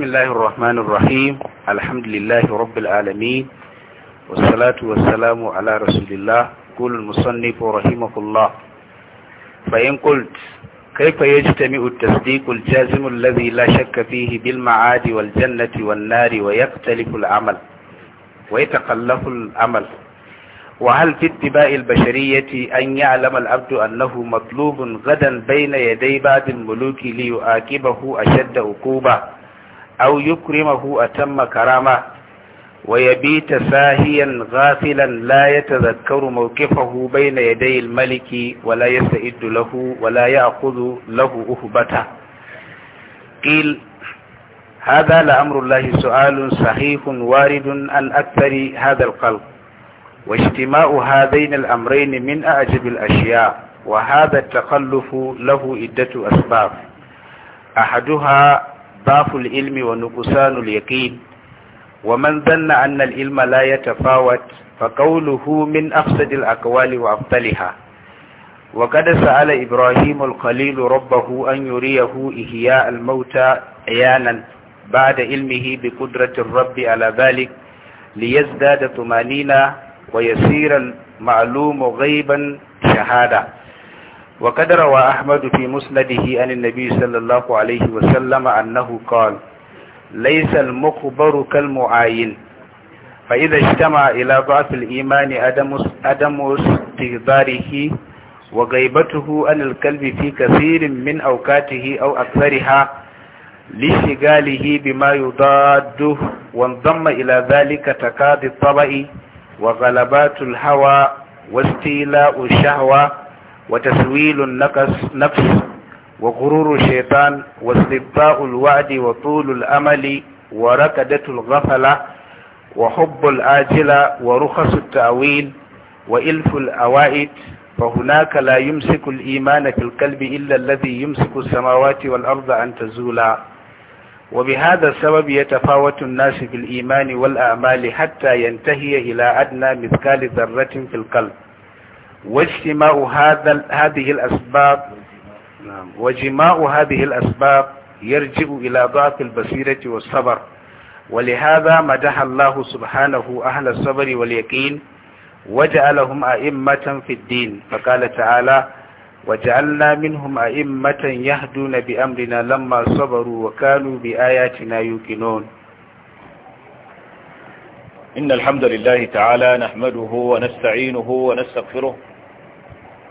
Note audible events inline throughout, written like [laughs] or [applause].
بسم الله الرحمن الرحيم الحمد لله رب العالمين والصلاة والسلام على رسول الله قول المصنف رحمه الله فإن قلت كيف يجتمع التصديق الجازم الذي لا شك فيه بالمعاد والجنة والنار ويختلف العمل ويتخلف العمل وهل في اتباع البشرية أن يعلم العبد أنه مطلوب غدا بين يدي بعض الملوك ليؤاكبه أشد عقوبة أو يكرمه أتم كرامة ويبيت ساهيا غافلا لا يتذكر موقفه بين يدي الملك ولا يستئد له ولا يأخذ له أهبته قيل هذا لأمر الله سؤال صحيح وارد عن أكثر هذا القلب واجتماع هذين الأمرين من أعجب الأشياء وهذا التخلف له عدة أسباب أحدها ضعف العلم ونقصان اليقين ومن ظن أن العلم لا يتفاوت فقوله من أفسد الأقوال وأفضلها وقد سأل إبراهيم الخليل ربه أن يريه إحياء الموتى عيانا بعد علمه بقدرة الرب على ذلك ليزداد طمانينة ويسير المعلوم غيبا شهادة وقد روى أحمد في مسنده عن النبي صلى الله عليه وسلم أنه قال ليس المخبر كالمعاين فإذا اجتمع إلى ضعف الإيمان أدم استغباره وغيبته عن الكلب في كثير من أوقاته أو أكثرها لشغاله بما يضاده وانضم إلى ذلك تكاد الطبع وغلبات الهوى واستيلاء الشهوة وتسويل النفس نفس وغرور الشيطان واستبطاء الوعد وطول الأمل وركدة الغفلة وحب الآجلة ورخص التأويل وإلف الأوائد فهناك لا يمسك الإيمان في القلب إلا الذي يمسك السماوات والأرض أن تزولا وبهذا السبب يتفاوت الناس في الإيمان والأعمال حتى ينتهي إلى أدنى مثقال ذرة في القلب واجتماع هذا هذه الأسباب نعم وجماع هذه الأسباب يرجع إلى ضعف البصيرة والصبر ولهذا مدح الله سبحانه أهل الصبر واليقين وجعلهم أئمة في الدين فقال تعالى وجعلنا منهم أئمة يهدون بأمرنا لما صبروا وكانوا بآياتنا يوقنون إن الحمد لله تعالى نحمده ونستعينه ونستغفره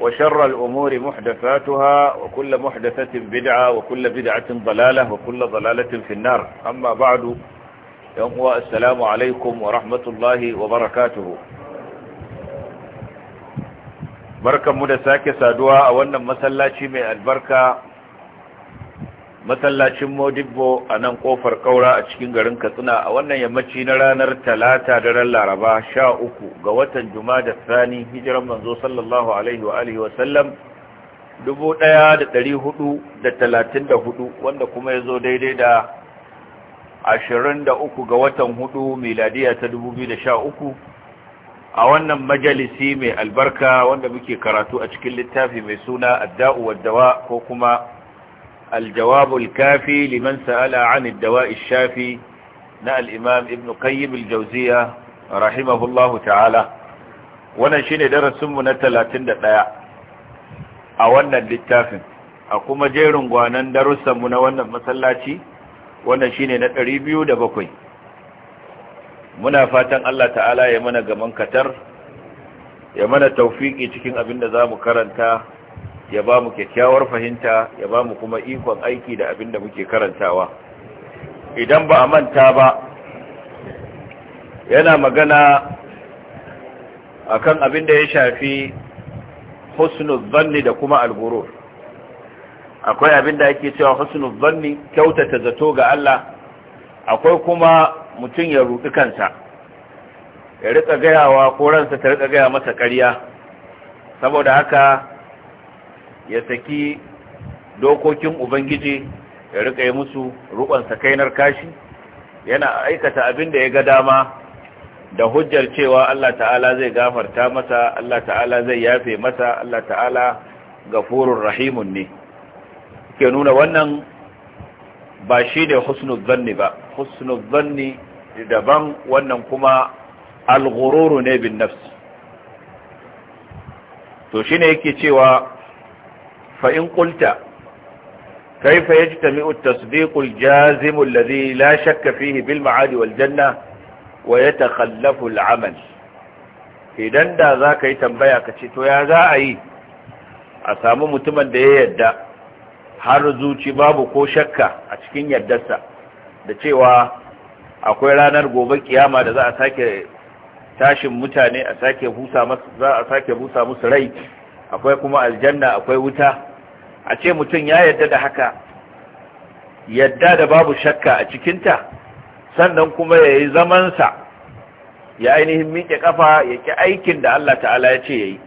وشر الأمور محدثاتها وكل محدثة بدعة وكل بدعة ضلالة وكل ضلالة في النار أما بعد يوم السلام عليكم ورحمة الله وبركاته بركة مدساكي سادوا أولا مسلاتي من البركة masallacin modibbo a nan kofar kaura a cikin garin katsina a wannan yammaci na ranar talata da laraba sha uku ga watan da sani hijiran manzo sallallahu alaihi wa alihi wasallam! dubu ɗaya da ɗari da talatin da wanda kuma ya zo daidai da ashirin da uku ga watan hudu miladiya ta dubu biyu da sha uku a wannan majalisi mai albarka wanda muke karatu a cikin littafi mai suna adda'u waddawa ko kuma الجواب الكافي لمن سأل عن الدواء الشافي نال امام ابن قيم الجوزية رحمه الله تعالى wannan shine darasin mu na 31 a wannan littafin a kuma jerin gwanan darussan na wannan masallaci wannan shine na 207 muna fatan Allah ta'ala ya mana gaman katar ya mana tawfiki cikin abin da mu karanta ya ba mu kyakkyawar fahimta ya ba mu kuma ikon aiki da abin da muke karantawa idan ba a manta ba yana magana akan abin da ya shafi husnul zanni da kuma al akwai abin da ake cewa husnul zanni kyautata zato ga Allah akwai kuma mutum ya rudu kansa ya rika gayawa ko ransa ta rika gaya masa ƙarya saboda haka ya saki dokokin ubangiji ya rika yi musu rukon sakainar kashi yana aikata abin da ya ga dama da hujjar cewa Allah ta'ala zai gafarta masa Allah ta'ala zai yafe masa Allah ta'ala gafurur rahimun ne ke nuna wannan ba shi ne husnul zanni ba husnul zanni daban wannan kuma alghururu ne bin nafs to shine yake cewa fa in qulta kayfa yajtami'u at-tasdiqu al-jazim alladhi la shakka fihi bil ma'ad wal janna wa yatakhallafu al-amal idan da zaka yi tambaya ka ce to ya za a yi a samu mutumin da ya yadda har zuci babu ko shakka a cikin yardarsa da cewa akwai ranar gobe kiyama da za a sake tashin mutane a sake busa musu za a sake busa musu rai akwai kuma aljanna akwai wuta a ce mutum ya yadda da haka yadda da babu shakka a cikinta sannan kuma ya yi zamansa ya ainihin miƙe ƙafa ya ƙi aikin da Allah ta'ala ya ce ya yi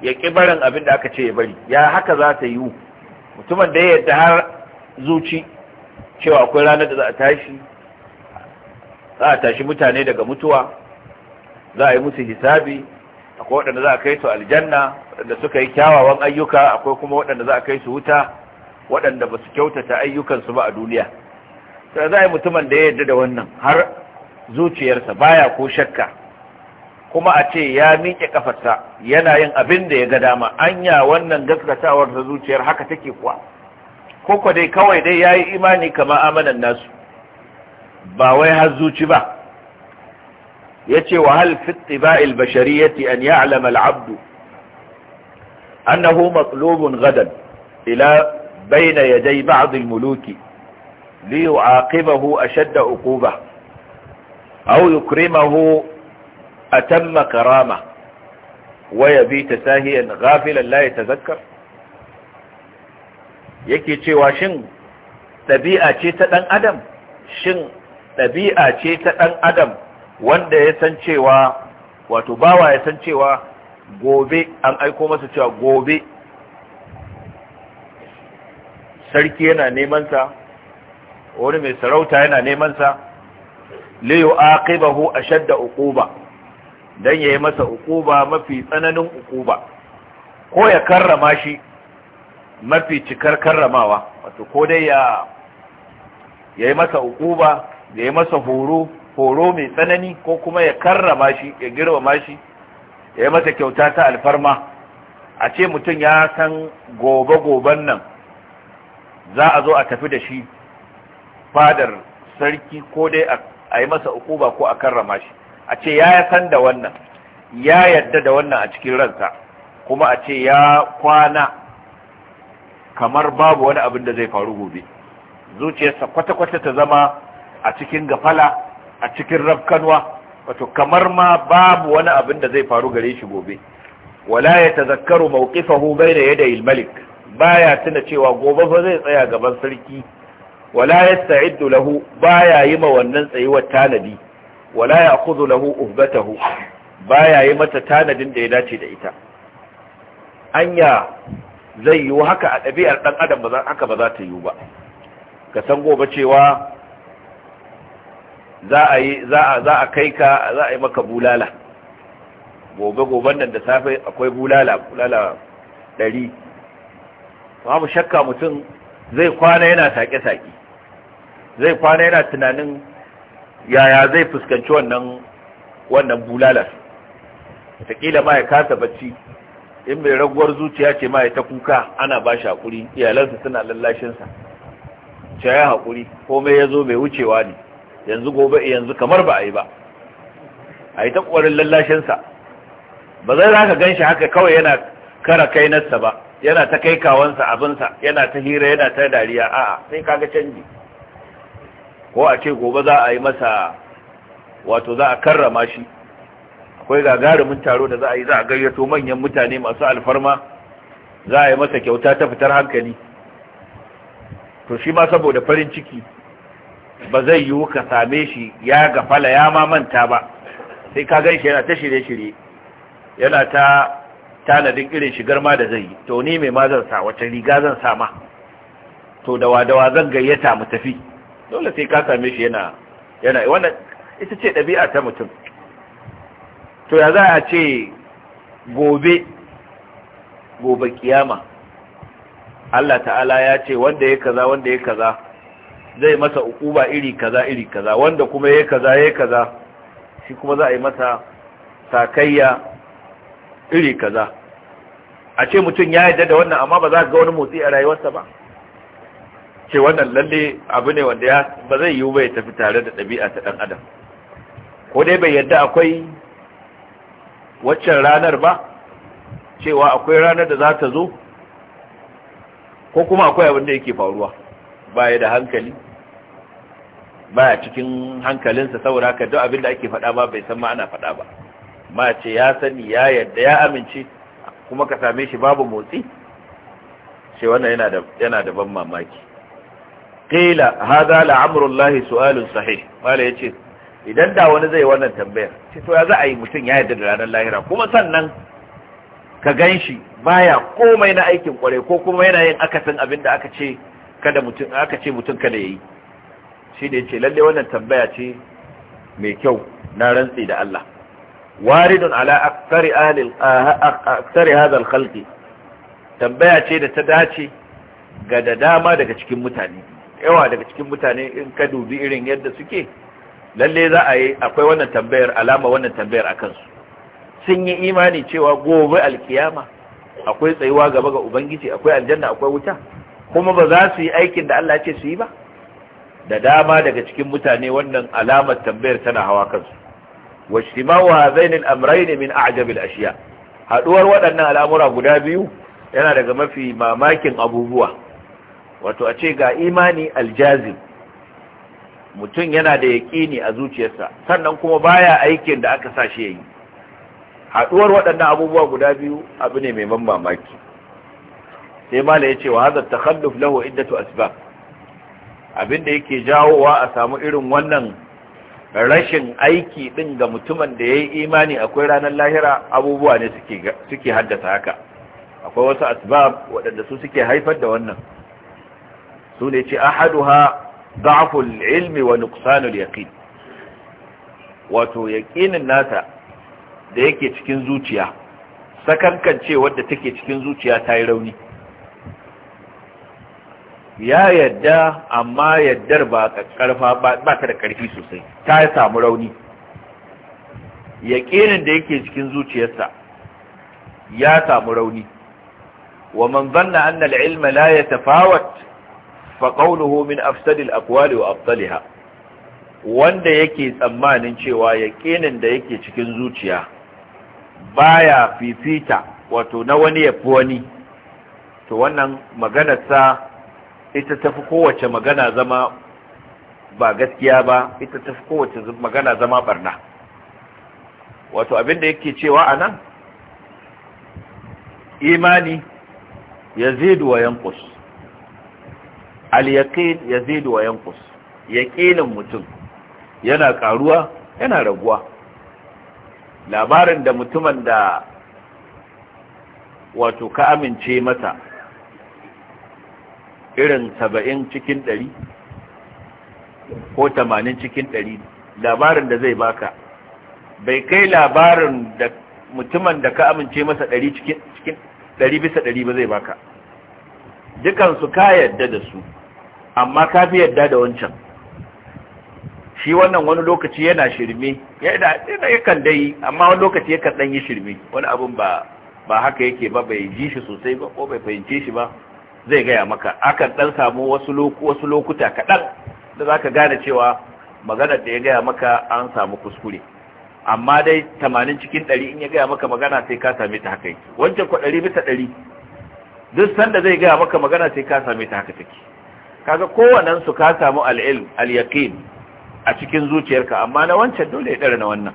ya ƙi barin abin da aka ce ya bari ya haka za ta yiwu mutumin da ya yadda har zuci cewa akwai ranar da za a tashi za a tashi mutane daga mutuwa za a yi musu hisabi akwai waɗanda za a kai su aljanna waɗanda suka yi kyawawan ayyuka akwai kuma waɗanda za a kai su wuta waɗanda ba su kyautata ayyukansu ba a duniya sai za a yi mutumin da ya yarda da wannan har zuciyarsa baya ko shakka kuma a ce ya miƙe kafarsa yana yin abin da ya ga dama anya wannan gaskatawar ta zuciyar haka take kuwa ko ko dai kawai dai ya yi imani kama amanan nasu ba wai har zuci ba يتي وهل في اتباع البشرية ان يعلم العبد انه مطلوب غدا الى بين يدي بعض الملوك ليعاقبه اشد عقوبة او يكرمه اتم كرامة ويبيت ساهيا غافلا لا يتذكر يكي تيوى شن تبيئة تيتا ادم شن تبيئة تيتا ادم wanda ya san cewa wato bawa ya san cewa gobe an aiko masa cewa gobe sarki yana neman sa wani mai sarauta yana neman sa liyu aqibahu ashadda uquba dan yayi masa uquba mafi tsananin uquba ko ya karrama shi mafi cikar karramawa wato ko dai ya yayi masa uquba yayi masa horo horo mai tsanani ko kuma ya karrama shi ya girmama shi ya yi masa kyauta ta alfarma a ce mutum ya san gobe-goben nan za a zo a tafi da shi fadar sarki ko dai a yi masa ukuba ko a karrama shi a ce ya san da wannan ya yadda da wannan a cikin ransa kuma a ce ya kwana kamar babu wani abin da zai faru gobe zuciyarsa kwata-kwata ta zama a cikin gafala a cikin rafkanwa wato kamar ma babu wani abin da zai faru gare shi gobe wala ya tazakkaru mawqifahu bayna yaday al-malik baya tuna cewa gobe fa zai tsaya gaban sarki wala yasta'iddu lahu baya yi ma wannan tsayuwar tanadi wala ya'khudhu lahu uhbatahu baya yi mata tanadin da ya dace da ita anya zai yi haka a ɗabi'ar ɗan adam ba haka ba za ta yi ba ka san gobe cewa za a kai ka za a yi maka bulala gobe goben nan da safe akwai bulala bulala ɗari babu shakka mutum zai kwana yana sake saƙe zai kwana yana tunanin yaya zai fuskanci wannan wannan bulalar kila ma ya kasa bacci in mai raguwar zuciya ce ma ya ta kuka ana ba shi haƙuri iyalansa suna lallashinsa ce ya haƙuri komai ya zo mai wucewa ne yanzu gobe yanzu kamar ba a yi ba a yi ta lallashinsa ba zai za ka gan shi haka kawai yana kara kai nasa ba yana ta kai kawansa abinsa yana ta hira yana ta dariya a'a sai kaga canji ko a ce gobe za a yi masa wato za a karrama shi akwai gagarumin taro da za a yi za a gayyato manyan mutane masu alfarma za a yi masa kyauta ta fitar hankali to shi ma saboda farin ciki ba zai yiwu ka same shi ya gafala ya ma manta ba sai ka gan shi yana ta shirye-shirye yana ta tanadin irin shigar ma da zai yi to ni mai ma zan sa wacce riga zan sa ma to da wadawa zan gayyata mu tafi dole sai ka same shi yana yana wannan ita ce ɗabi'a ta mutum to ya za a ce gobe gobe kiyama Allah ta'ala ya ce wanda ya kaza wanda ya kaza zai masa ukuba iri kaza iri kaza wanda kuma yayi kaza yayi kaza shi kuma za a yi masa sakayya iri kaza a ce mutum ya yarda da wannan amma ba za ga wani motsi a rayuwarsa ba ce wannan lalle abu ne wanda ya ba zai yiwu ba ya tafi tare da ɗabi'a ta ɗan adam ko dai bai yarda akwai waccan ranar ba cewa akwai ranar da za ta zo ko kuma akwai abin da yake faruwa baya da hankali ba cikin hankalinsa saboda haka duk abin da ake faɗa ba bai san ma ana faɗa ba ma ce ya sani ya yadda ya amince kuma ka same shi babu motsi ce wannan yana da yana da ban mamaki qila hadha la'amrullahi su'alun sahih mala yace idan da wani zai wannan tambayar ce to ya za a yi mutum ya yadda da ranar lahira kuma sannan ka ganshi baya komai na aikin kware ko kuma yana yin akasin abin aka ce kada mutum aka ce yi? kada yayi shi ne ce lalle wannan tambaya ce mai kyau na rantsi da Allah waridun ala aksari alil ah, ah, aksari hadal khalqi tambaya ce da ta dace ga da dama daga cikin mutane yawa daga cikin mutane in ka dubi irin yadda suke lalle za a yi akwai wannan tambayar alama wannan tambayar akan su sun yi imani cewa gobe alkiyama akwai tsayuwa gaba ga ubangiji akwai aljanna akwai wuta kuma ba za su yi aikin da Allah ya ce su yi ba da dama daga cikin mutane wannan alamar tambayar tana hawa kansu wa shimau hazainil amrayn min a'jabil ashiya haduwar waɗannan al'amura guda biyu yana daga mafi mamakin abubuwa wato a ce ga imani aljazi mutum yana da yaƙini a zuciyarsa sannan kuma baya aikin da aka sa shi yayi haduwar waɗannan abubuwa guda biyu abu ne mai ban mamaki sai mala ce wa hadha takhalluf lahu iddatu asbab Abin da yake jawowa a samu irin wannan rashin aiki din ga mutumin da ya yi imani akwai ranar lahira abubuwa ne suke haddasa haka akwai wasu asbab waɗanda su suke haifar da wannan su ne ce ha da'aful ilmi wa nuksanul yaqin wato yaƙinin nata da yake cikin zuciya sakankan ce wadda take cikin zuciya ta yi rauni ya yadda amma yaddar ba karfa ba ta da karfi sosai ta samu rauni yaƙinin da yake cikin zuciyarsa ya samu rauni wa man zanna anna al-ilma la yatafawat fa qawluhu min afsad al aqwal wa afdaliha wanda yake tsammanin cewa yaƙinin da yake cikin zuciya baya fifita wato na wani yafi wani to wannan sa ita ta fi kowace magana zama ba gaskiya ba ita ta fi kowace magana zama barna wato abinda yake cewa a nan imani ya zidu wa yankus al ya zidu wa yankus yaqinin mutum yana karuwa yana raguwa labarin da mutumin da wato ka amince mata irin saba'in cikin ɗari ko tamanin cikin ɗari labarin da zai baka bai kai labarin da mutumin da ka amince masa ɗari cikin ɗari bisa ɗari ba zai baka dukansu ka yadda da su amma ka fi yadda da wancan shi wannan wani lokaci yana shirme yana yakan dai amma wani lokaci yakan ɗan yi shirme wani abin ba ba haka yake ba bai ji shi sosai ba ko bai fahimce shi ba zai gaya maka akan dan samu wasu lokuta kaɗan da za ka gane cewa maganar da ya gaya maka an samu kuskure amma dai tamanin cikin ɗari in ya gaya maka magana sai ka same ta haka yake wancan kwa ɗari bisa ɗari duk sanda zai gaya maka magana sai ka same ta haka take kaga kowannen su ka samu al'ilm al-yaqin a cikin zuciyarka amma na wancan dole ya dare na wannan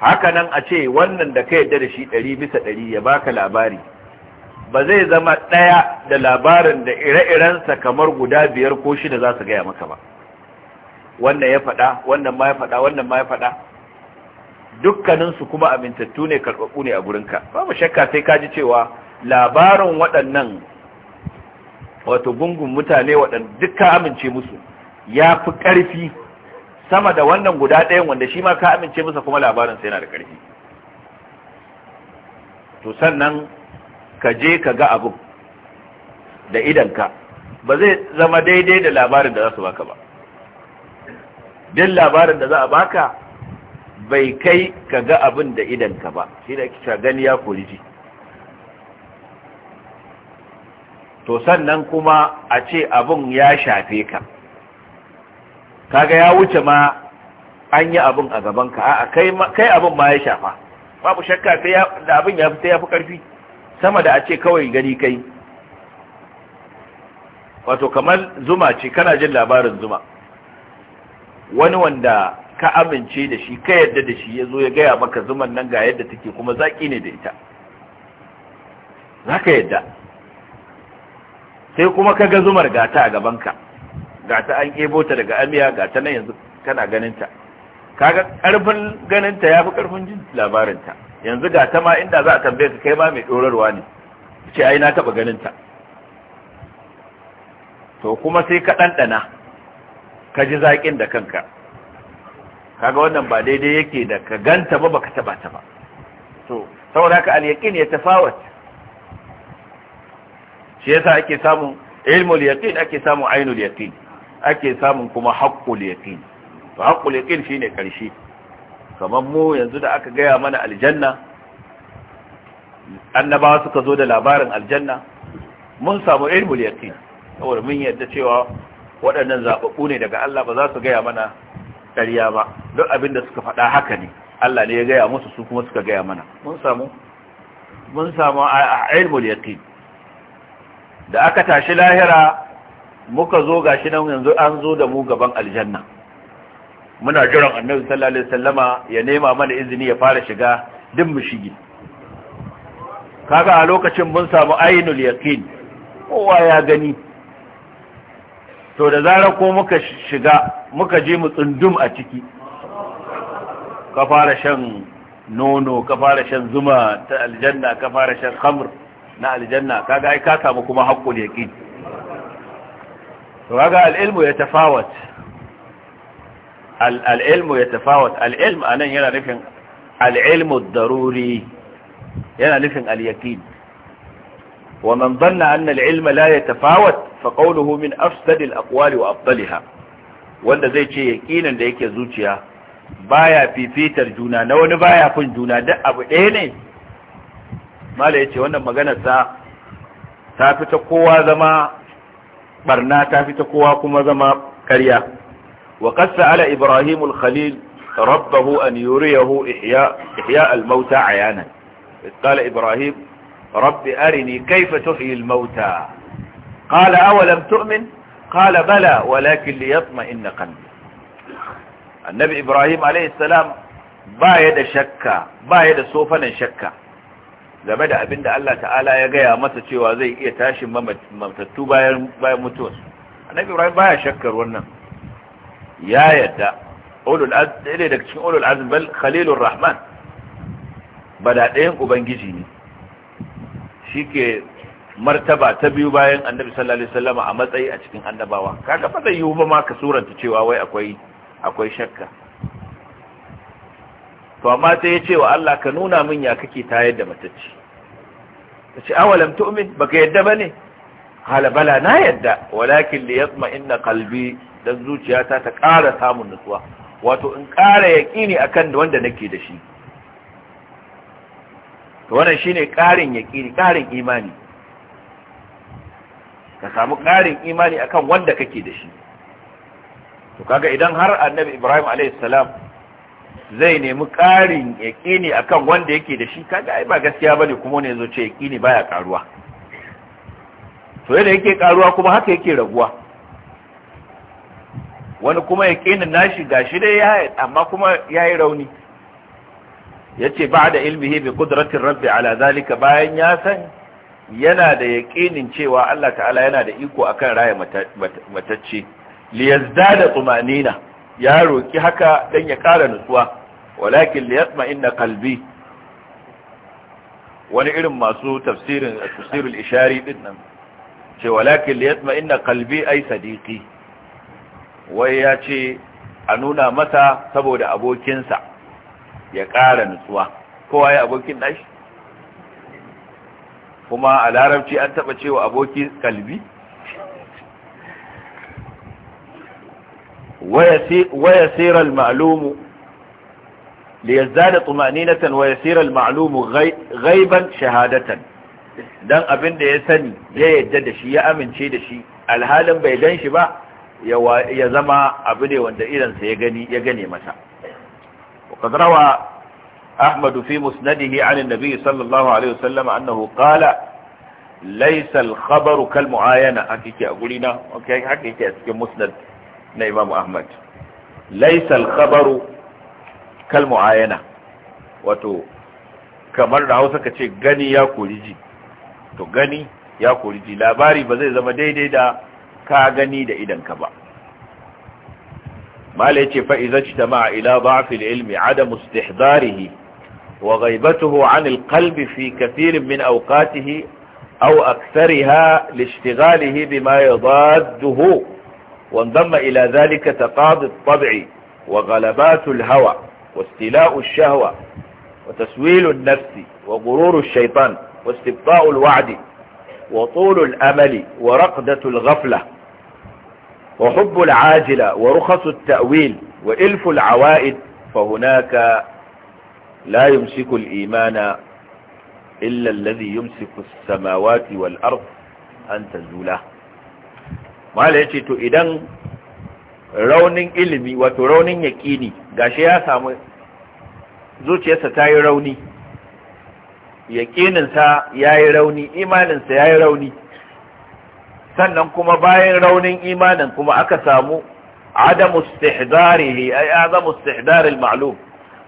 haka nan a ce wannan da ka yarda da shi ɗari bisa ɗari ya baka labari ba zai zama ɗaya da labarin da ire-irensa kamar guda biyar ko shida za su gaya maka ba wannan ya faɗa wannan ma ya faɗa wannan ma ya faɗa dukkaninsu kuma amintattu ne karɓaɓɓu ne a gurinka babu shakka sai ka ji cewa labarin waɗannan wato gungun mutane waɗanda dukka amince musu ya fi ƙarfi sama da wannan guda ɗayan wanda shi ma ka amince masa kuma labarinsa yana da ƙarfi to sannan ka je ka ga abin da idanka ba zai zama daidai da labarin da za su baka ba din labarin da za a baka bai kai ka ga abin da idanka ba shi da kika gani ya kuriji to sannan kuma a ce abin ya shafe ka kaga ya wuce ma an yi abin a gabanka a kai abin ma ya shafa babu shakka sai abin ya fi karfi sama da a ce kawai gani kai wato kamar zuma ce kana jin labarin zuma wani wanda ka amince da shi ka yadda da shi ya zo ya gaya maka zuman nan ga yadda take kuma zaƙi ne da ita za ka yadda sai kuma ka ga zumar gata a gabanka gata an ebo ta daga amiya gata nan yanzu kana ganinta kaga ƙarfin ganinta ya fi ƙarfin jin ta. yanzu ga ta ma inda za a tambaye ka kai ma mai dorarwa ne ce ai na taba ganin ta to kuma sai ka ɗanɗana ka ji zaƙin da kanka kaga wannan ba daidai yake da ka ganta ba baka taba ta ba to saboda haka al-yaqin ya tafawat shi yasa ake samu ilmul yaqin ake samu ainul yaqin ake samun kuma haqqul yaqin to haqqul yaqin shine karshe kamar mu yanzu da aka gaya mana aljanna annabawa suka zo da labarin aljanna mun samu ilmul yaqin saboda mun yadda cewa waɗannan zababbu ne daga Allah ba za su gaya mana ƙarya ba duk abin da suka faɗa haka ne Allah ne ya gaya musu su kuma suka gaya mana mun samu mun samu ilmul yaqin da aka tashi lahira muka zo gashi nan yanzu an zo da mu gaban aljanna muna jiran annabi sallallahu alaihi wasallama ya nema mana izini ya fara shiga duk mu shige kaga a lokacin mun samu ainul yaqin kowa ya gani to da zarar ko muka shiga muka je mu tsundum a ciki ka fara shan nono ka fara shan zuma ta aljanna ka fara shan khamr na aljanna kaga ai ka samu kuma haqqul yaqin to kaga al-ilmu yatafawat al'ilmu ya tafawat al'ilmu a nan yana nufin al'ilmu daruri yana nufin al'yakin wa man zanna annal ilma la ya tafawat fa qawluhu min afsadil aqwali wa afdaliha wanda zai ce yaƙinin da yake zuciya baya fifitar juna na wani baya fin juna da'abu abu ɗaya ne mala yace wannan maganar ta ta fita kowa zama barna ta fita kowa kuma zama ƙarya وقد سأل إبراهيم الخليل ربه أن يريه إحياء, إحياء الموتى عيانا قال إبراهيم رب أرني كيف تحيي الموتى قال أولم تؤمن قال بلى ولكن ليطمئن قلبي النبي إبراهيم عليه السلام بايد شكا بايد صوفنا شكا لما دع بند الله تعالى يقيا متتشي وزي يتاشم ممتتو باي متوس النبي إبراهيم بايد شكر ونمت ya yadda ulul azm ɗaya daga cikin ulul azm bal khalilur rahman bada ɗayan ubangiji ne shi ke martaba ta biyu bayan annabi sallallahu alaihi wasallam a matsayi a cikin annabawa kaga fa zai yiwu ma ka suranta cewa wai akwai akwai shakka to amma sai ya ce wa Allah ka nuna min ya kake tayar da matacci ta ce awalam tu'min baka yadda bane qala bala na yadda walakin li in inna qalbi dan zuciyata ta ƙara samun nutsuwa wato in ƙara yaƙini akan wanda nake da shi to wannan shine ƙarin yaƙini ƙarin imani ka samu ƙarin imani akan wanda kake da shi to kaga idan har annabi Ibrahim alayhi salam zai nemi ƙarin yaƙini akan wanda yake da shi kaga ai ba gaskiya bane kuma ne zo ce yaƙini baya karuwa to yadda yake karuwa kuma haka yake raguwa wani kuma ya ƙinin nashi gashi dai ya amma kuma ya yi rauni ya ce ba da ilmihi bi kudratin rabbi ala zalika bayan ya san yana da yaƙinin cewa Allah ta'ala yana da iko akan raya matacce liyazda da tsumanina ya roƙi haka don ya ƙara nutsuwa walakin liyatma inna kalbi wani irin masu tafsirin tafsirul ishari din nan ce walakin liyatma inna kalbi ai sadiqi wai ya ce a nuna masa saboda abokinsa ya ƙara nutsuwa kowa ya abokin ɗashi kuma a larabci an taɓa cewa aboki kalbi waya sirar ma'alumu liyazza da tsumaninatan waya siral ma'alumu gaiban shahadatan don abin da ya sani ya yadda da shi ya amince da shi alhalin bai dan shi ba ya zama abu ne wanda irinsa ya gani ya gane masa وقد روى أحمد في مسنده عن النبي صلى الله عليه وسلم أنه قال ليس الخبر كالمعاينة حقيقي أقولنا حقيقي أسكي مسند إمام أحمد ليس الخبر كالمعاينة wato kamar da hausa ka ce gani ya kori ji to gani ya kori ji labari ba zai zama daidai da ka gani da idanka ba mala yace fa idza ijtama'a ila da'f al-ilmi 'adam istihdarihi wa ghaibatuhu 'an al-qalb fi kathir min awqatihi aw akthariha li-ishtighalihi bima yadadduhu wa indama ila dhalika taqad at-tab'i wa ghalabat al-hawa wa istila'u ash-shahwa wa taswil an-nafs wa ghurur ash-shaytan wa istibta'u al-wa'd wa tul al-amali wa raqdatu al-ghaflah wa hubbul ajila wa rukhasut ta'wil wa ilful awaid fa hunaka la yumsiku al-imana illa alladhi yumsiku as to idan raunin wato raunin yaqini gashi zuciyarsa ta yi yaƙininsa ya rauni imaninsa rauni sannan kuma bayan raunin imanin kuma aka samu adamu istihdarihi ay azamu istihdar al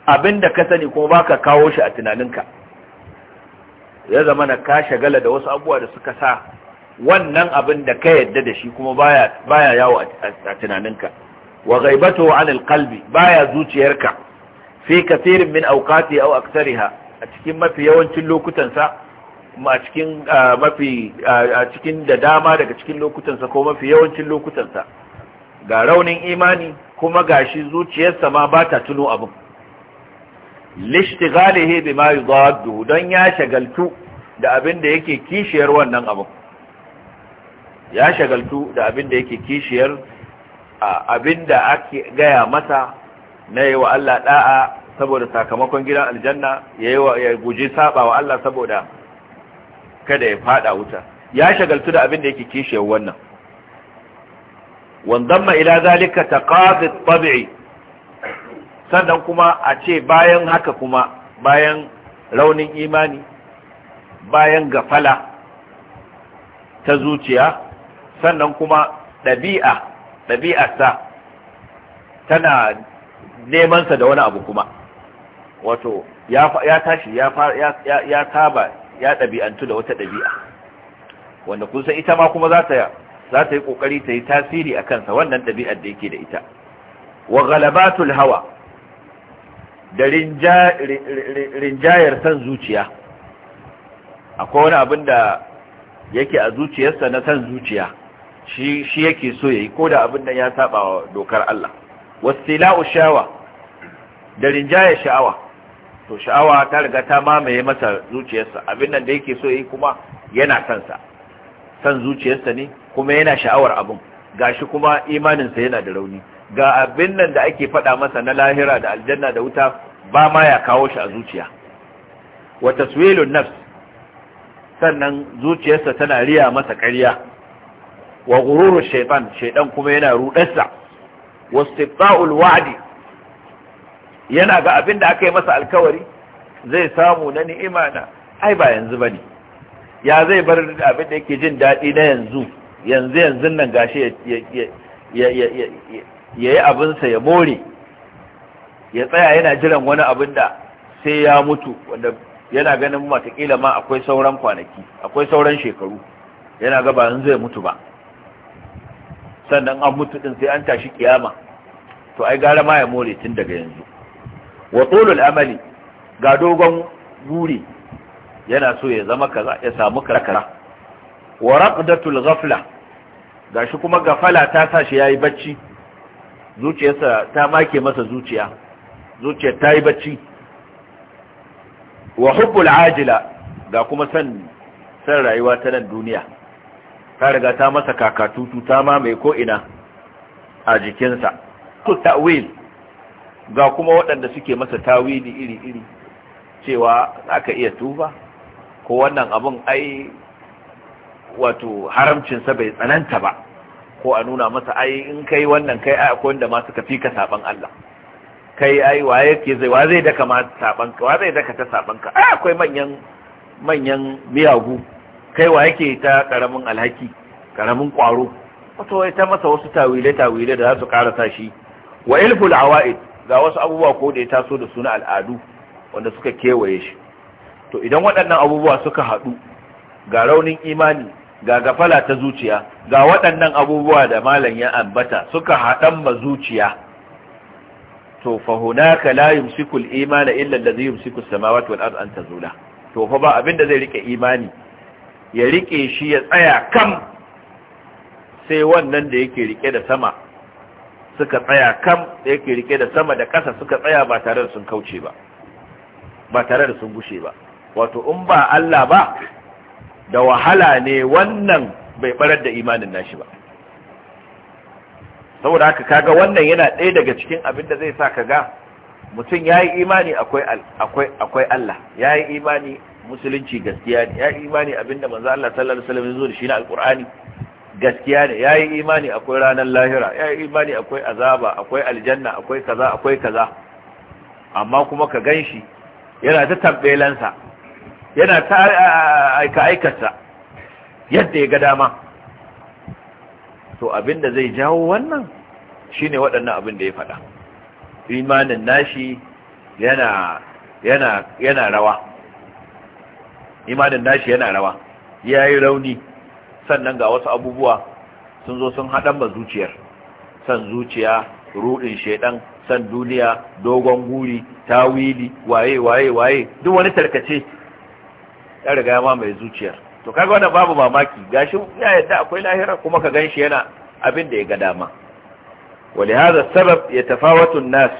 abinda ka sani kuma baka kawo shi a tunaninka ya zama na ka shagala da wasu abubuwa da suka sa wannan abin da ka yadda da shi kuma baya baya yawo a tunaninka wa ghaibatu 'an al baya zuciyarka fi kathirin min awqati aw aksariha. a cikin mafi yawancin lokutan sa a cikin da dama daga cikin lokutansa ko mafi yawancin lokutansa ga raunin imani kuma ga shi zuciyarsa ma ba ta tuno abin lishtighalihi bima yudaddu don ya shagaltu da abin da yake kishiyar wannan abin ya shagaltu da abin da yake kishiyar abin da ake gaya masa na yi wa Allah da'a saboda sakamakon gidan aljanna ya guji saba wa Allah saboda kada ya fada wuta ya shagaltu da abin da yake kishe wannan Wanzamma ila zalika taqadi tabi'i sannan kuma a ce bayan haka kuma bayan raunin imani bayan gafala ta zuciya sannan kuma ɗabi'a dabi'arsa tana nemansa da wani abu kuma wato ya tashi ya saba. ya ɗabi'antu da wata ɗabi'a wanda kun san ita ma kuma za ta yi kokari ta yi tasiri a kansa wannan ɗabi'ar da yake da ita wa hawa da rinjayar san zuciya akwai wani abin da yake a zuciyarsa na san zuciya shi yake so yayi ko da abin nan ya saba wa dokar Allah wasila'u shawa da rinjayar sha'awa to sha'awa ta riga ta mamaye masa zuciyarsa abin nan da yake so yi kuma yana kansa san zuciyarsa ne kuma yana sha'awar abin gashi kuma imaninsa yana da rauni ga abin nan da ake faɗa masa na lahira da aljanna da wuta ba ma ya kawo shi a zuciya wa taswilun nafs sannan zuciyarsa tana riya masa ƙarya wa gururu shaytan shaytan kuma yana rudarsa wa istibta'ul wa'di yana ga abin da aka yi masa alkawari zai samu na ni'ima na ai ba yanzu ne. ya zai bar abin da yake jin daɗi na yanzu yanzu yanzu nan gashi ya yi abinsa ya more ya tsaya yana jiran wani abin da sai ya mutu wanda yana ganin matakila ma akwai sauran kwanaki akwai sauran shekaru yana ga ba zai mutu ba sannan an mutu din sai an tashi kiyama to ai gara ma ya more tun daga yanzu wa tulul amali ga dogon buri yana so ya zama kaza ya samu karkara. wa raqdatul ghafla gashi kuma gafala ta sa yayi bacci zuciyarsa ta make masa zuciya zuciyar ta yi bacci wa hubbul ajila ga kuma san san rayuwa ta nan duniya ta riga ta masa kakatutu ta mamaye ko ina a jikinsa ta'wil ga kuma waɗanda suke masa tawili iri-iri cewa aka iya tuba ko wannan abin ai wato haramcinsa bai tsananta ba ko a nuna masa ai in kai wannan kai a akwai wanda masu kafi fi ka saban Allah kai ai waye ke zai wa zai daka ma saban ka wa zai daka ta saban ka ai akwai manyan manyan miyagu kai wa yake ta karamin alhaki karamin kwaro wato ya ta masa wasu tawile tawile da za su karasa shi wa ilful awaid ga wasu abubuwa ko da ya taso da suna al'adu wanda suka kewaye shi to idan waɗannan abubuwa suka haɗu ga raunin imani ga gafala ta zuciya ga waɗannan abubuwa da malam ya ambata suka haɗan ma zuciya to fa hunaka la yumsiku al-iman illa alladhi yumsiku as-samawati wal ard an tazula to fa ba abinda zai rike imani ya rike shi ya tsaya kam sai wannan da yake rike da sama suka tsaya kam da yake rike da sama da ƙasa suka tsaya ba tare da sun kauce ba ba tare da sun gushe ba wato in ba Allah ba da wahala ne wannan bai barar da imanin nashi ba saboda haka kaga wannan yana ɗaya daga cikin abin da zai sa ka ga? mutum ya yi imani akwai Allah ya yi imani musulunci gaskiya ne ya yi imani abinda manzo Allah sallallahu alaihi wasallam ya zo da shi na alkur'ani gaskiya ne Ya yi imani akwai ranar lahira Ya yi imani akwai azaba akwai aljanna akwai kaza akwai kaza amma kuma ka gan shi yana ta tambelansa yana ta aika aikarsa yadda ya ga dama to abinda zai jawo wannan shi ne waɗannan abin da ya faɗa imanin nashi yana rawa imanin nashi yana rawa Ya yi rauni sannan ga wasu abubuwa sun zo sun haɗa ba zuciyar san zuciya ruɗin shaiɗan san duniya dogon guri tawili waye waye waye duk wani tarkace ya riga ma mai zuciyar to kaga wannan babu mamaki gashi ya yadda akwai lahira kuma ka ganshi yana abin da ya ga dama sabab السبب يتفاوت الناس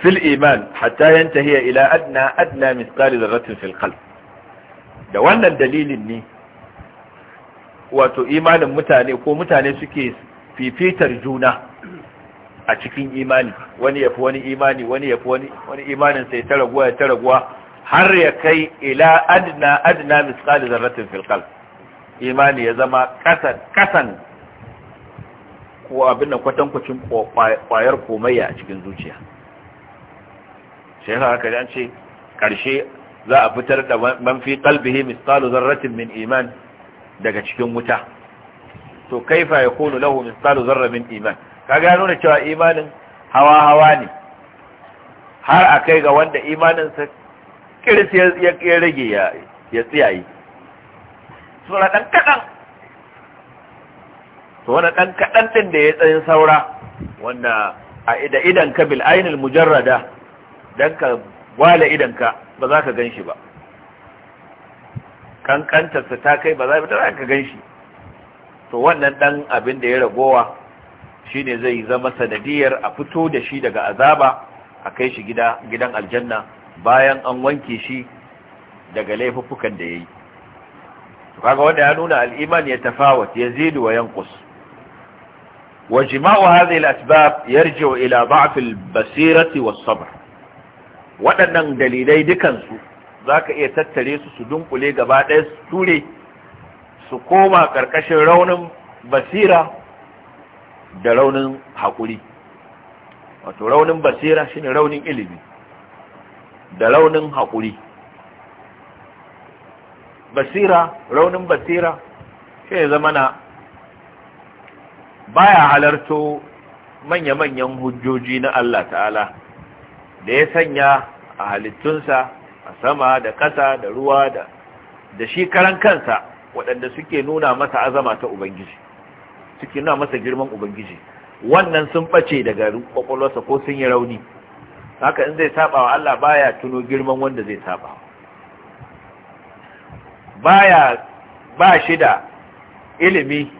في hatta حتى ينتهي ila adna أدنى مثقال ذرة fil qalb Da wannan dalilin ne wato imanin mutane ko mutane suke fifitar juna a cikin imani wani yafi wani imani wani yafi wani wani imanin sai ta raguwa ya ta raguwa har ya kai ila adna adna misqal zarratin fil qalb imani ya zama kasan kasan ko abin nan kwatankwacin kwayar komai a cikin zuciya shekara haka an ce karshe za a fitar da man fi qalbihi misqal zarratin min iman daga cikin wuta to kaifa kunu lahu misalu dharra min iman ka gano da cewa imanin hawa hawa ne har a kai ga wanda imaninsa kiris ya rage ya tsiyaye na ɗan kaɗan su wani ɗan kaɗan ɗin da ya tsayin saura wanda a ida idan ka bil ainihin mujarrada don ka wale idanka ba za ka gan shi ba Ƙanƙantarsa ta kai ba za ka gan shi to wannan dan abin da ya ragowa shine zai zama sanadiyar a fito da shi daga azaba a kai shi gidan aljanna bayan an wanke shi daga laifuffukan da ya yi kaga wanda ya nuna al'iman ya tafawat ya zidu wa yankus wa jima'u hadhihi al-asbab yarji'u ila da'f al-basirati was-sabr waɗannan dalilai dukansu za ka iya tattare su su dunkule gaba ɗaya su ture su koma ƙarƙashin raunin basira da raunin haƙuri wato raunin basira ne raunin ilimi da raunin haƙuri basira raunin basira shi ne zamana baya halarto manya-manyan hujjoji na Allah ta'ala da ya sanya a halittunsa a sama da ƙasa da ruwa da da shi karan kansa waɗanda suke nuna masa azama ta ubangiji suke nuna masa girman ubangiji wannan sun bace daga kwakwalwarsa ko sun yi rauni haka in zai saba wa Allah baya tuno girman wanda zai saba baya ba shi da ilimi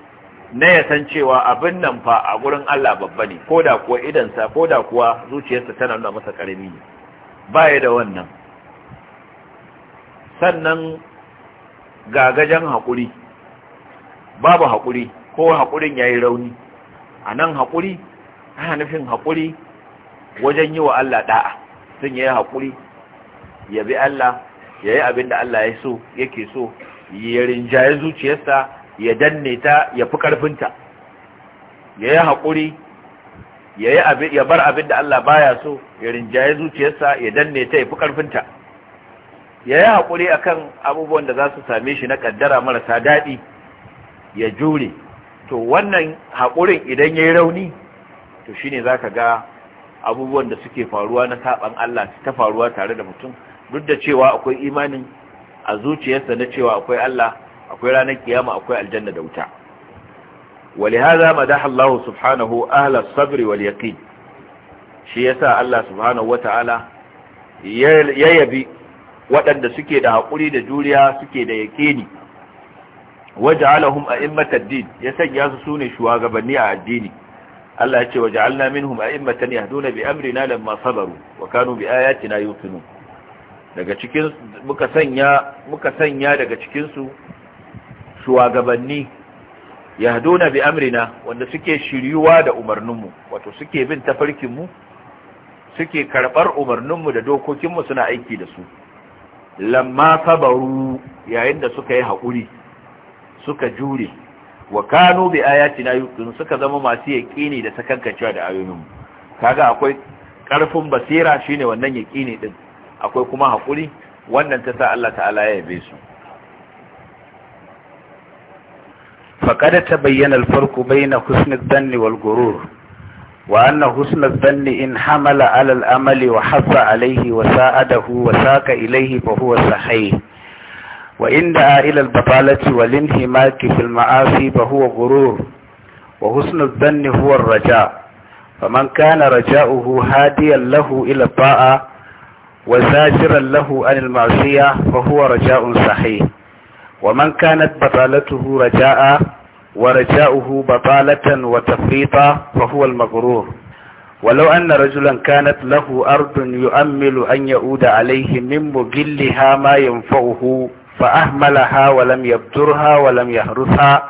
na ya san cewa abin nan fa a gurin Allah babba ne ko da kuwa idansa ko da kuwa zuciyarsa tana nuna masa karami ne baya da wannan sannan gagajen haƙuri babu haƙuri ko haƙurin ya yi rauni a nan haƙuri ana nufin haƙuri wajen yi wa Allah ɗa'a sun yi haƙuri ya bi Allah ya yi abin da Allah ya so yake so ya rinjaye zuciyarsa ya danne ta ya fi ƙarfinta ya yi haƙuri ya bar abin da Allah baya so ya rinjaye zuciyarsa ya danne ta ya fi ƙarfinta ya yi haƙuri a kan abubuwan da za su same shi na ƙaddara marasa daɗi ya jure to wannan haƙurin idan ya yi rauni to shi ne za ka ga abubuwan da suke faruwa na saɓan Allah ta faruwa tare da mutum duk da cewa akwai imanin a zuciyarsa na cewa akwai Allah akwai ranar kiyama akwai aljanna da wuta ولهذا Allah subhanahu سبحانه sabri wal yaqin shi yasa Allah subhanahu wataala ya yabi waɗanda suke da haƙuri da juriya suke da yakeni waja'alahum a'immatad din ya sanya su sune shugabanni a addini Allah ya ce waja'alna minhum a'immatan yahduna bi amrina lamma sabaru wa kanu bi ayatina yuqinun daga cikin muka sanya muka sanya daga cikin su shugabanni yahduna bi amrina wanda suke shiryuwa da umarninmu wato suke bin tafarkinmu suke karbar umarninmu da dokokinmu suna aiki da su lamma sabaru yayin da suka yi hakuri suka jure wa kanu bi na yuqin suka zama masu yaqini da sakankacewa da ayoyin kaga akwai karfin basira shine wannan yaqini din akwai kuma haƙuri wannan ta sa Allah ta'ala ya yabe su faqad tabayyana al-farqu bayna husn dhanni wal-ghurur وأن حسن الظن إن حمل على الأمل وحث عليه وساعده وساق إليه فهو صحيح وإن دعا إلى البطالة والانهماك في المعاصي فهو غرور وحسن الظن هو الرجاء فمن كان رجاؤه هاديا له إلى الطاعة وزاجرا له عن المعصية فهو رجاء صحيح ومن كانت بطالته رجاء ورجاؤه بطالة وتفريطا فهو المغرور ولو أن رجلا كانت له أرض يؤمل أن يؤود عليه من مجلها ما ينفعه فأهملها ولم يبدرها ولم يهرسها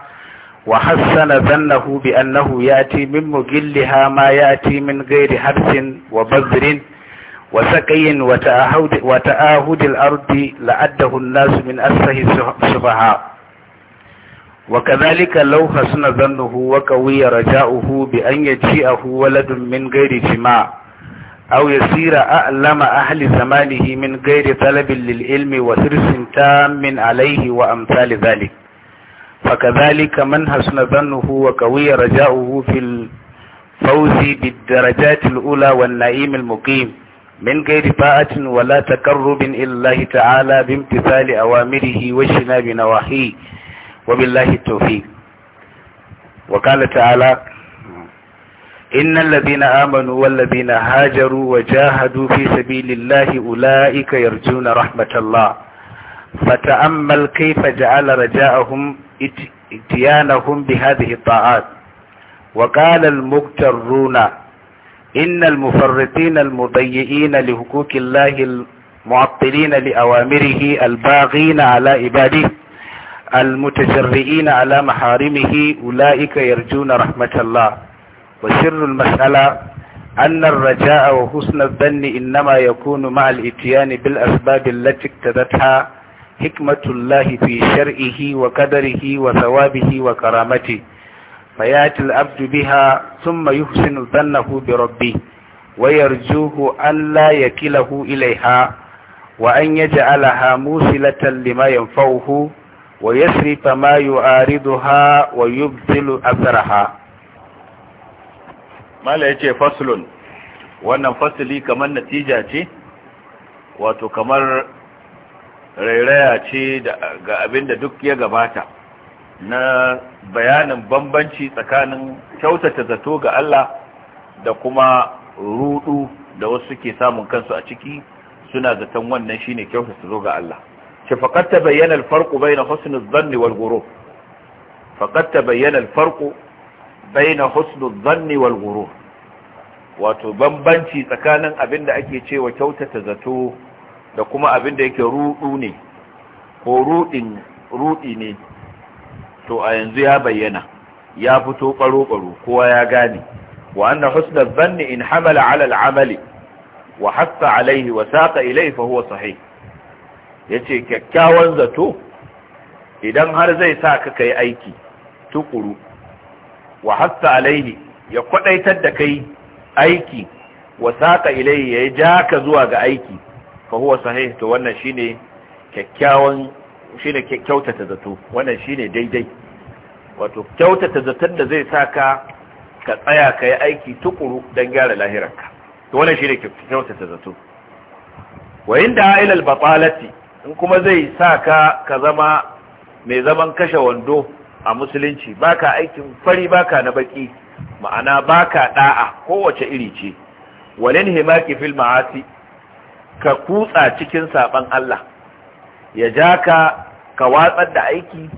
وحسن ظنه بأنه يأتي من مجلها ما يأتي من غير حرس وبذر وسقي وتآهد, وتآهد الأرض لعده الناس من أسفه السفهاء وكذلك لو حسن ظنه وقوي رجاؤه بأن يجيئه ولد من غير جماع أو يسير أعلم أهل زمانه من غير طلب للعلم وحرص تام عليه وأمثال ذلك فكذلك من حسن ظنه وقوي رجاؤه في الفوز بالدرجات الأولى والنعيم المقيم من غير طاعة ولا تقرب إلى الله تعالى بامتثال أوامره واجتناب نواحيه وبالله التوفيق وقال تعالى إن الذين آمنوا والذين هاجروا وجاهدوا في سبيل الله أولئك يرجون رحمة الله فتأمل كيف جعل رجاءهم اتيانهم بهذه الطاعات وقال المغترون إن المفرطين المضيئين لحقوق الله المعطلين لأوامره الباغين على عباده المتجرئين على محارمه أولئك يرجون رحمة الله وسر المسألة أن الرجاء وحسن الظن إنما يكون مع الإتيان بالأسباب التي اقتدتها حكمة الله في شرعه وقدره وثوابه وكرامته فيأتي الأبد بها ثم يحسن ظنه بربه ويرجوه أن لا يكله إليها وأن يجعلها موصلة لما ينفعه ويسرف ما يعارضها ويبذل أثرها ما لا يجي فصل wannan fasuli kamar natija ce wato kamar rairaya ce ga abin da duk ya gabata na bayanin bambanci tsakanin kyautata zato ga Allah da kuma rudu da wasu ke samun kansu a ciki suna zaton wannan shine kyautata zo ga Allah ce faqad tabayyana al-farqu bayna husn wato bambanci tsakanin abinda ake cewa kyautata zato da kuma abinda yake rudu ne ko rudin rudi ne to a yanzu ya bayyana ya fito baro baro kowa ya gane wa anna husn zanni in hamala ala amali wa hatta alaihi wa saƙa ilai fa huwa sahih ya ce kyakkyawan zato idan har zai sa ka kai aiki tukuru wa hasta alaihi ya kwadaitar da kai aiki wa saka ilai ya ja ka zuwa ga aiki fa huwa sahih to wannan shine kyakkyawan shine kyautata zato wannan shine daidai wato kyautata zaton da zai saka ka tsaya ka yi aiki tukuru don gyara lahirarka to wannan shine kyautata zato wa inda ilal batalati in kuma zai sa ka ka zama mai zaman kashe wando a musulunci baka aikin fari baka na baki ma'ana baka da'a kowace iri ce walin himaki fil ma'asi ka kutsa cikin saban Allah ya ja ka ka watsar da aiki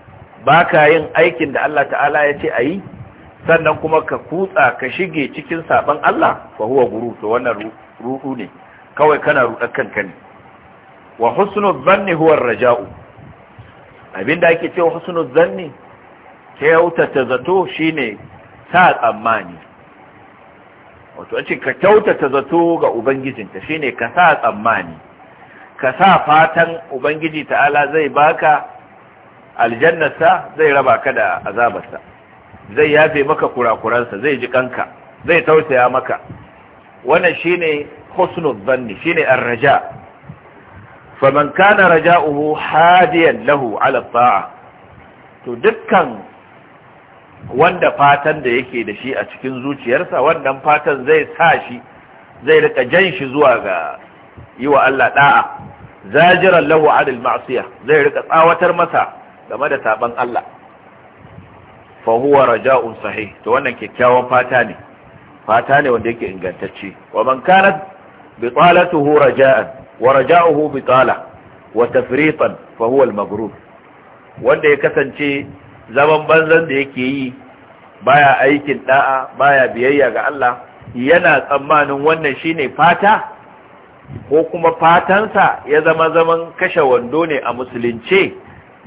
baka yin aikin da Allah ta'ala ya ce a yi sannan kuma ka kutsa ka shige cikin saban Allah fa huwa guru to wannan ruɗu ne kawai kana rudar kanka wa husnul zanni huwa raja'u abinda ake cewa husnul zanni kyautata zato shine sa tsammani wato a ce ka kyautata zato ga ubangijinta shine ka sa tsammani ka sa fatan ubangiji ta'ala zai baka aljannata zai raba ka da azabarsa zai yafe maka kurakuransa zai ji kanka zai tausaya maka wannan shine husnul zanni shine arraja faman kana raja'uhu hadiyan lahu ala to dukkan wanda fatan da yake da shi a cikin zuciyarsa wannan fatan zai sa shi zai rika jan shi zuwa ga yi wa Allah da'a zajiran lahu adil ma'siyah zai rika tsawatar masa game da saban Allah fa huwa raja'un sahih to wannan kyakkyawan fata ne fata ne wanda yake ingantacce wa man kanat bi talatuhu raja'an wa raja'uhu bitala wa tafriqan wanda ya kasance zaman banzan da yake yi baya aikin da'a baya biyayya ga Allah yana tsammanin wannan shine fata ko kuma fatansa ya zama zaman kashe wando ne a musulunce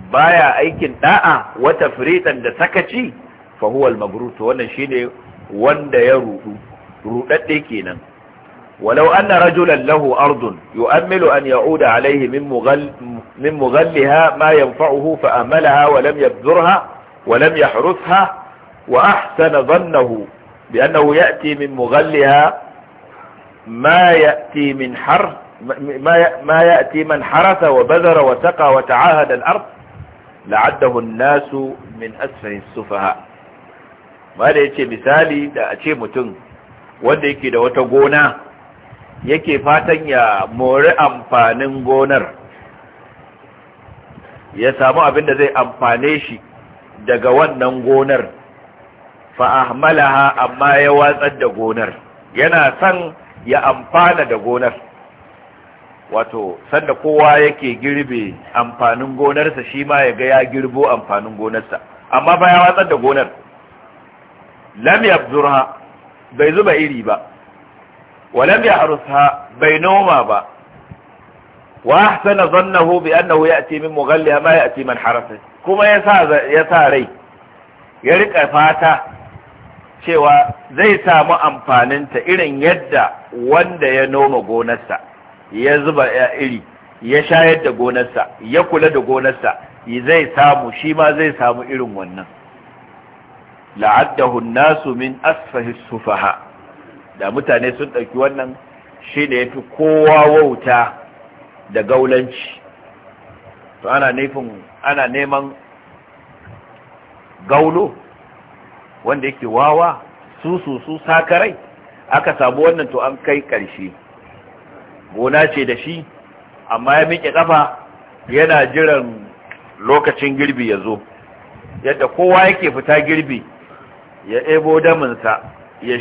baya aikin da'a wata firitan da sakaci fa huwa al-magrur to wannan shine wanda ya rudu rudadde kenan ولو أن رجلا له أرض يؤمل أن يعود عليه من, مغل من مغلها ما ينفعه فأملها ولم يبذرها ولم يحرثها وأحسن ظنه بأنه يأتي من مغلها ما يأتي من حر ما يأتي من حرث وبذر وسقى وتعاهد الأرض لعده الناس من أسفه السفهاء ما da مثالي misali da a ce mutum yake fatan ya mori amfanin gonar ya samu abin da zai amfane shi daga wannan gonar fa'ahmalaha amma ya watsar da gonar yana san ya amfana da gonar wato sanda kowa yake girbe amfanin gonarsa shi ma ya ga ya girbo amfanin gonarsa amma ba ya watsar da gonar lam yabzurha bai zuba iri ba walam ya bai noma ba wa ahsana zannahu bi annahu ya'ti min mughalliha ma ya'ti man harasa kuma ya sa rai ya rika fata cewa zai samu amfaninta irin yadda wanda ya noma gonarsa ya zuba ya iri ya shayar da gonarsa ya kula da gonarsa zai samu shi ma zai samu irin wannan la'addahu nasu min asfahi sufaha da mutane sun ɗauki wannan shi ne ya fi kowa wauta da gaulanci to ana nufin ana neman gaulo wanda yake wawa su su su sakarai aka samu wannan to an kai ƙarshe gona ce da shi amma ya miƙe ƙafa yana jiran lokacin girbi ya zo yadda kowa yake fita girbi ya ebo daminsa ya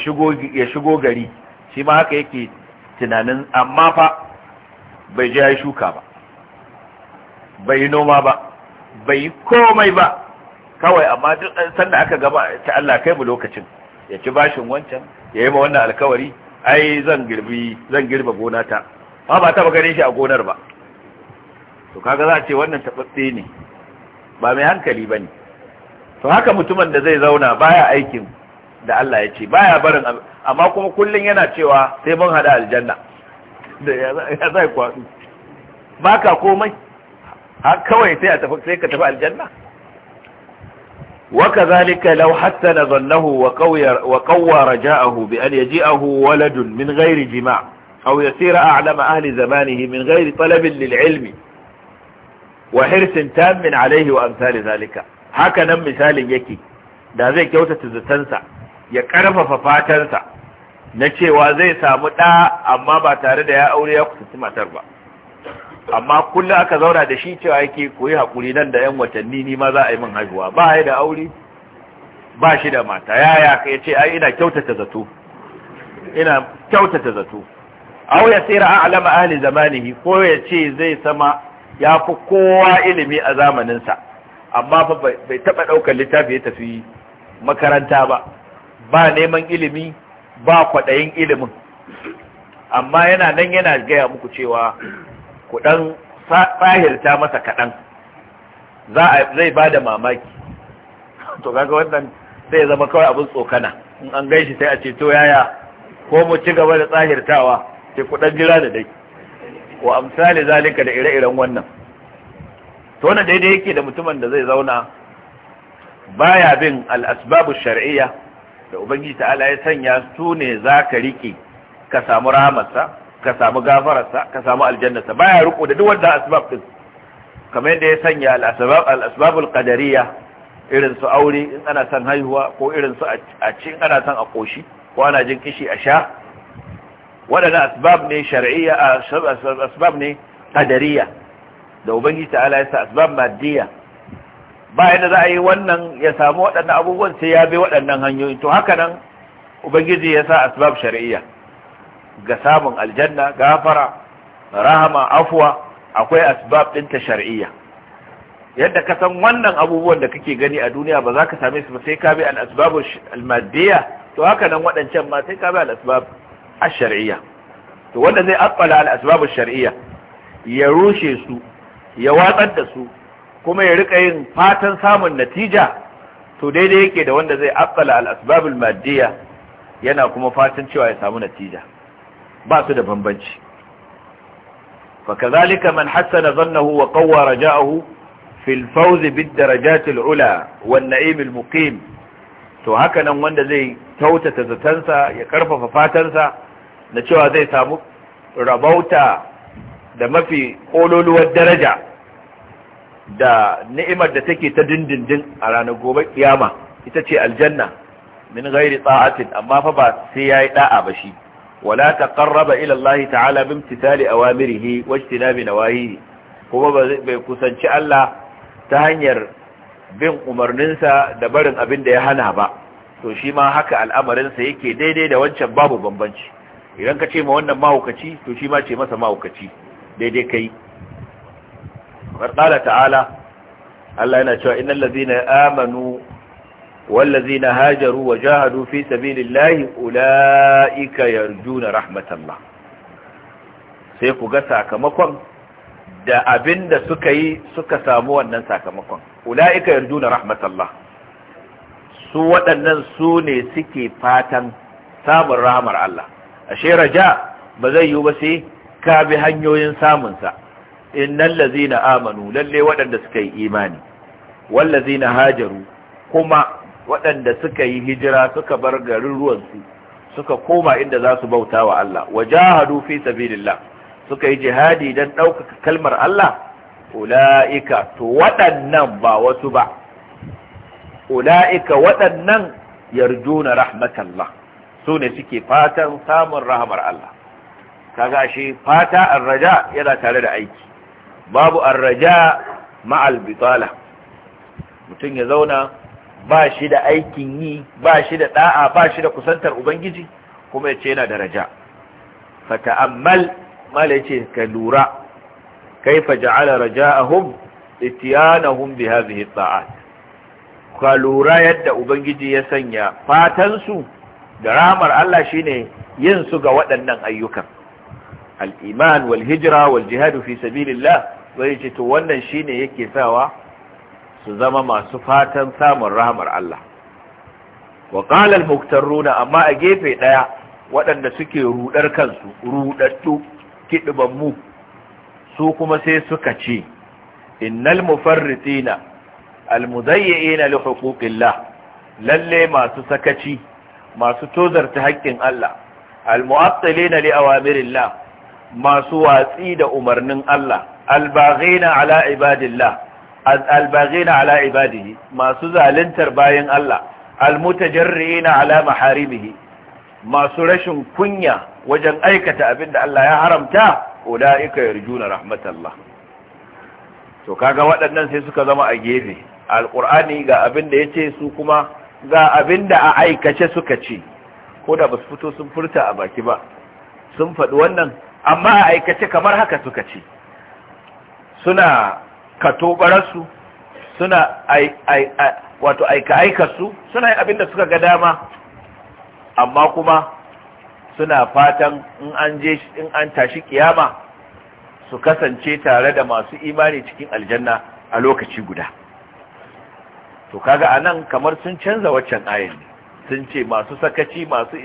shigo gari shi ma haka yake tunanin amma fa bai je ya shuka ba bai noma ba bai komai ba kawai amma duk da aka gaba ta Allah kai mu lokacin ya ci bashin wancan ya ma wannan alkawari ai zan girbi zan girba gonata. Ba ba ta gane shi a gonar ba to kaga za a ce wannan tabbatse ne ba mai hankali bane to haka mutumin da zai zauna baya aikin da Allah ya ce baya barin amma kuma kullun yana cewa sai mun hada aljanna da ya zai kwadu baka komai har kawai sai tafi sai ka tafi aljanna وكذلك لو حسن ظنه وقوى رجاءه بأن يجيئه ولد من غير جماع أو يسير أعلم أهل زمانه من غير طلب للعلم وحرص تام عليه وأمثال ذلك haka nan misalin yake da zai kyautata zatansa ya karfafa fatansa na cewa zai samu ɗa amma ba tare da ya aure ya kusanci matar ba amma kullum aka zauna da shi cewa yake koyi haƙuri nan da 'yan watanni ni ma za a yi min haihuwa ba ya da aure ba shi da mata ya ya ce ai ina kyautata zato ina kyautata zato aw ya tsira alama ahli zamanihi ko ya ce zai sama ya fi kowa ilimi a zamaninsa amma fa bai taɓa ɗaukar littafi ya tafi makaranta ba ba neman ilimi ba kwaɗayin ilimin amma yana nan yana gaya muku cewa ku tsahirta masa kaɗan zai ba da mamaki to kaga wannan zai zama kawai abin tsokana in an gaishe sai a ce to yaya ko mu ci gaba da tsahirtawa sai ku dan jira da dai wa amsali zalika da ire-iren wannan to wannan daidai yake da mutumin da zai zauna baya bin al-asbabu shar'iyya da ubangiji ta'ala ya sanya su ne za ka riƙe ka samu rahamarsa ka samu gafararsa ka samu aljannarsa baya riko da duk wanda asbab din kamar yadda ya sanya al-asbab al irin su aure in ana son haihuwa ko irin su a ci in ana son a koshi ko ana jin kishi a sha waɗannan asbab ne shar'iyya asbab ne qadariyya da ubangiji ta'ala ya sa asbab maddiya ba yadda za a yi wannan ya samu waɗannan abubuwan sai ya bi waɗannan hanyoyi to haka nan ubangiji ya sa asbab shari'iyya ga samun aljanna gafara rahama afwa akwai asbab ɗinta shari'iyya yadda ka san wannan abubuwan da kake gani a duniya ba za ka same su ba sai ka bi al-asbab al-maddiya to haka nan waɗancan ma sai ka bi al-asbab to wanda zai aqbala al-asbab shar'iya, ya rushe su ya watsar da su kuma ya rika yin fatan samun natija to daidai yake da wanda zai akala al madiyya maddiya yana kuma fatan cewa ya samu natija ba su da bambanci fa kazalika man hassana zannahu wa qawwa raja'ahu في الفوز بالدرجات العلى والنعيم المقيم to haka nan wanda zai tautata zatansa ya karfafa fatansa na cewa zai samu rabauta da mafi kololuwar daraja da ni'imar da take ta dindindin a ranar gobe kiyama ita ce aljanna min ghairi ta'atin amma fa ba sai yayi da'a ba shi wala taqarraba ila Allah ta'ala bi imtithali awamirihi wa ijtinabi nawahihi kuma bai kusanci Allah ta hanyar bin umarninsa da barin abin da ya hana ba to shi ma haka al'amarin al'amarinsa yake daidai da wancan babu bambanci idan ka ce ma wannan mahaukaci to shi ma ce masa mahaukaci daidai kai qad ta'ala Allah yana cewa innal ya amanu wal hajaru wa jahadu fi sabilillahi ulaika yarjuna rahmatallah sai ku ga sakamakon da abinda suka yi suka samu wannan sakamakon ulaika yarjuna rahmatallah su waɗannan su ne suke fatan samun rahamar Allah ashe raja ba zai yi ba sai ka bi hanyoyin samunsa innal na amanu lalle waɗanda suka yi imani wal hajaru kuma waɗanda suka yi hijira suka bar garin ruwansu suka koma inda za su bauta wa Allah wajahadu fi sabilillah suka yi jihadi dan ɗaukaka kalmar Allah ula'ika to waɗannan ba wasu ba ula'ika waɗannan yarjuna rahmatallah su ne suke fatan samun rahamar Allah kaga shi fata an raja yana tare da aiki babu arraja ma'al bitala mutum ya zauna ba shi da aikin yi ba shi da da'a ba shi da kusantar ubangiji kuma ya ce yana da raja fata'ammal mala ce ka lura kaifa ja'ala raja'ahum itiyanahum bi hadhihi ta'at ka lura yadda ubangiji ya sanya fatan su da ramar Allah shine yin su ga waɗannan ayyukan al-iman wal hijra wal jihad fi sabilillah bai ce to wannan shine yake sawa su zama masu fatan samun rahamar Allah wa qala al amma a gefe ɗaya, waɗanda suke rudar kansu rudattu mu, su kuma sai suka ce innal mufarritina almudayyi'ina li huquqillah lalle masu sakaci masu tozarta haƙƙin Allah almu'attilina li awamirillah masu watsi da umarnin Allah albaghina ala ibadillah albaghina ala ibadihi masu zaluntar bayan Allah almutajarriina ala maharimihi masu rashin kunya wajen aikata abin da Allah ya haramta ulaika yarjuna rahmatallah to kaga waɗannan sai suka zama a gefe alqur'ani ga abinda yace su kuma ga abinda a aikace suka ce ko da basu fito sun furta a baki ba sun faɗi wannan amma a aikace kamar haka suka ce suna katobararsu suna wato aika su suna yin abin da suka ga dama amma kuma suna fatan in an tashi kiyama su kasance tare da masu imani cikin aljanna a lokaci guda to kaga anan kamar sun canza waccan ayin sun ce masu sakaci masu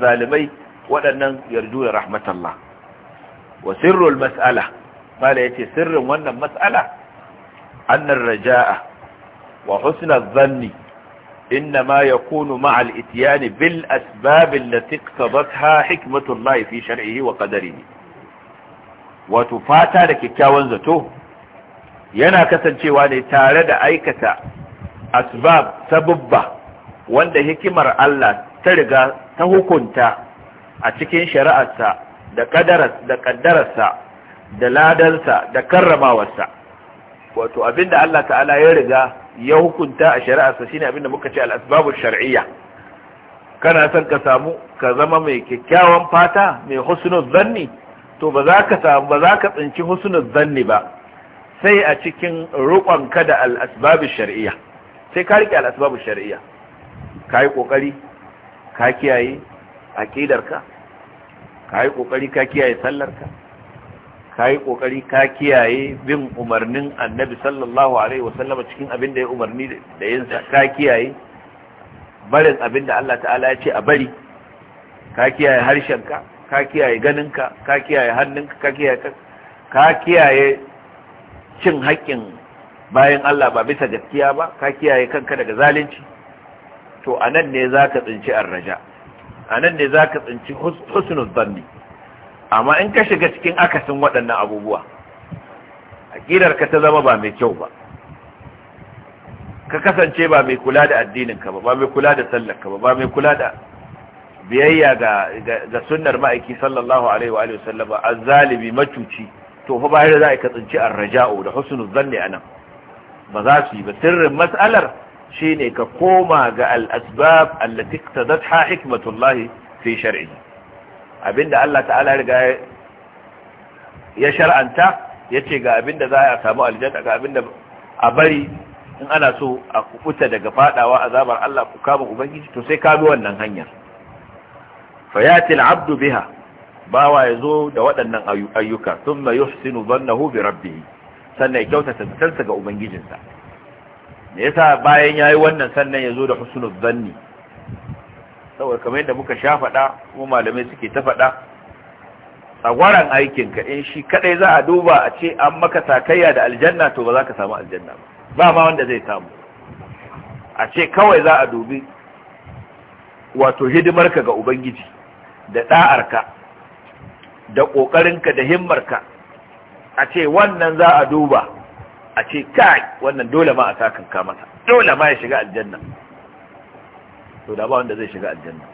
zalimai waɗannan yarju da rahmatallah wa sirrul mas'ala mala ce sirrin wannan mas'ala annar raja'a wa husna dhanni إنما يكون مع الاتيان بالأسباب laifi اقتضتها حكمة الله في wato fata da kyakkyawan zato yana kasancewa ne tare da aikata asbab sababba wanda hikimar Allah ta riga ta hukunta a cikin shari'arsa da kadaras da ladansa da karramawarsa wato abinda Allah ta'ala ya riga ya hukunta a shari'arsa shine abinda muka ce al-asbabu shar'iyya kana son ka samu ka zama mai kyakkyawan fata mai husnul zanni to ba za ka samu ba za ka tsinci husnul zanni ba sai a cikin rukon ka da al-asbabu shar'iyya sai ka rike al-asbabu shar'iyya kai kokari ka kiyaye Ka kai kokari ka kiyaye sallarka ka yi ƙoƙari ka kiyaye bin umarnin annabi sallallahu alaihi wasallama cikin abin da ya umarni da yinsa ka kiyaye barin abin da Allah ta'ala ya ce a bari ka kiyaye harshenka ka kiyaye ganinka ka kiyaye hannunka ka kiyaye ka kiyaye cin haƙƙin bayan Allah ba bisa gaskiya ba ka kiyaye kanka daga zalunci to anan ne zaka tsinci arraja anan ne zaka tsinci husnul dhanni amma in ka shiga cikin akasin waɗannan abubuwa aƙidar ka ta zama ba mai kyau ba ka kasance ba mai kula da addininka ba ba mai kula da sallarka ba ba mai kula da biyayya ga ga sunnar ma'aiki sallallahu alaihi wa sallama azzalimi macuci to fa bayar za a katsinci arraja'u da husnu zanni anan ba za su yi ba sirrin mas'alar shine ka koma ga al-asbab allati iqtadatha hikmatullah fi shar'i abinda Allah ta'ala riga ya shar'anta yace ga abinda za a samu aljanna ga abinda a bari in ana so a kukuta daga fadawa azabar Allah ku kama ubangiji to sai ka wannan hanyar fayatil abdu biha bawa yazo da waɗannan ayyuka thumma yuhsinu dhannahu bi rabbih sannan ya kyautata tsansa ga ubangijinsa me yasa bayan yayi wannan sannan yazo da husnul dhanni saboda kamar yadda muka sha faɗa kuma malamai suke ta faɗa tsagwaran aikinka in shi kadai za a duba a ce an maka sakayya da aljanna to ba za ka samu aljanna ba ba ma wanda zai samu a ce kawai za a dubi wato hidimarka ga ubangiji da ɗa'arka da ƙoƙarinka da himmarka a ce wannan za a duba a ce kai wannan dole ma a sakanka mata dole ma ya shiga aljanna to da ba wanda zai shiga aljanna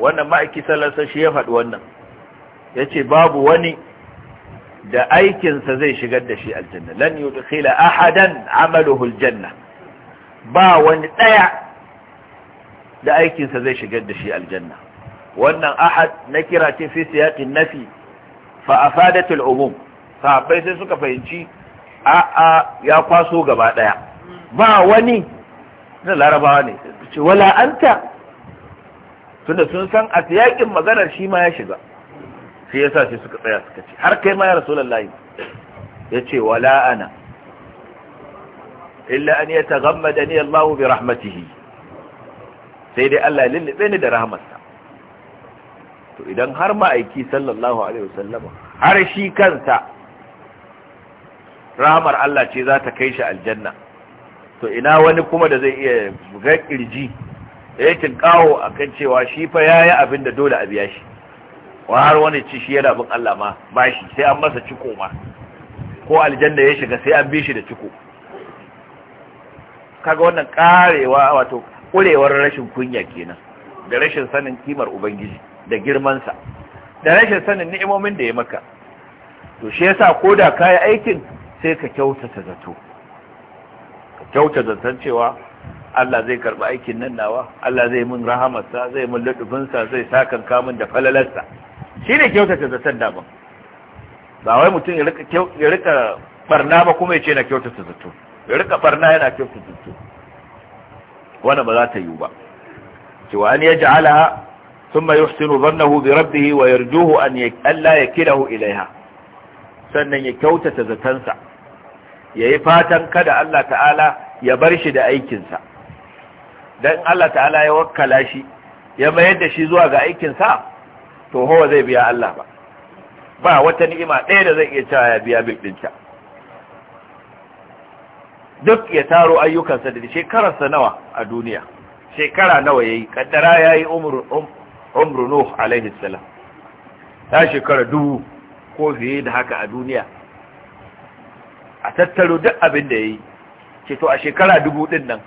wannan ma'aiki sallarsa shi ya faɗi wannan ya ce babu wani da aikinsa zai shigar da shi aljanna lan yi dukila ahadan amaluhu janna. ba wani ɗaya da aikinsa zai shigar da shi aljanna wannan ahad na kira ce fi siyaƙin nafi fa'afadatul umum sahabbai sai suka fahimci a'a ya kwaso gaba ɗaya ba wani na larabawa ne ce wala anta tunda sun san a yakin maganar shi ma ya shiga Sai ya sa shi suka tsaya suka ce har kai ma ya rasulullahi ya ce wala ana illa an ya tagammada ni Allah bi rahmatihi sai dai Allah ya lullube ni da rahmarsa to idan har ma'aiki sallallahu alaihi wasallama har shi kansa rahmar Allah ce za ta kai shi aljanna to ina wani kuma da zai iya buga kirji da ya kawo a kan cewa shi fa ya yi abin da dole a biya shi wa har wani ci shi yana bin Allah ma ba shi sai an masa ciko ma ko aljanna ya shiga sai an bi shi da ciko kaga wannan karewa wato kurewar rashin kunya kenan da rashin sanin kimar ubangiji da girmansa da rashin sanin ni'imomin da ya maka to shi yasa koda kai aikin sai ka kyautata zato kyauta zantan cewa Allah zai karɓi aikin nan nawa Allah zai mun rahamarsa zai mun lutufinsa zai sakan kamun da falalarsa shi ne kyauta zantan daban ba wai mutum ya rika barna ba kuma ya ce na kyauta zato ya rika barna yana kyauta zato wannan ba za ta yiwu ba cewa an ya ja'ala ثم يحسن ظنه بربه ويرجوه أن لا يكله ilaiha sannan ya kyautata zatansa ya yi fatan kada Allah ta'ala ya bar shi da aikinsa don Allah ta'ala ya wakala shi ya mayar da shi zuwa ga aikinsa to hawa zai biya Allah ba ba wata ni'ima ɗaya da zai iya cewa ya biya bilɗinta duk ya taro ayyukansa da shekararsa nawa a duniya shekara nawa ya yi kaddara ya yi um, umru nuh alaihi ta shekara dubu ko fiye da haka a duniya a tattaro duk abin da yayi ce to a shekara dubu din nan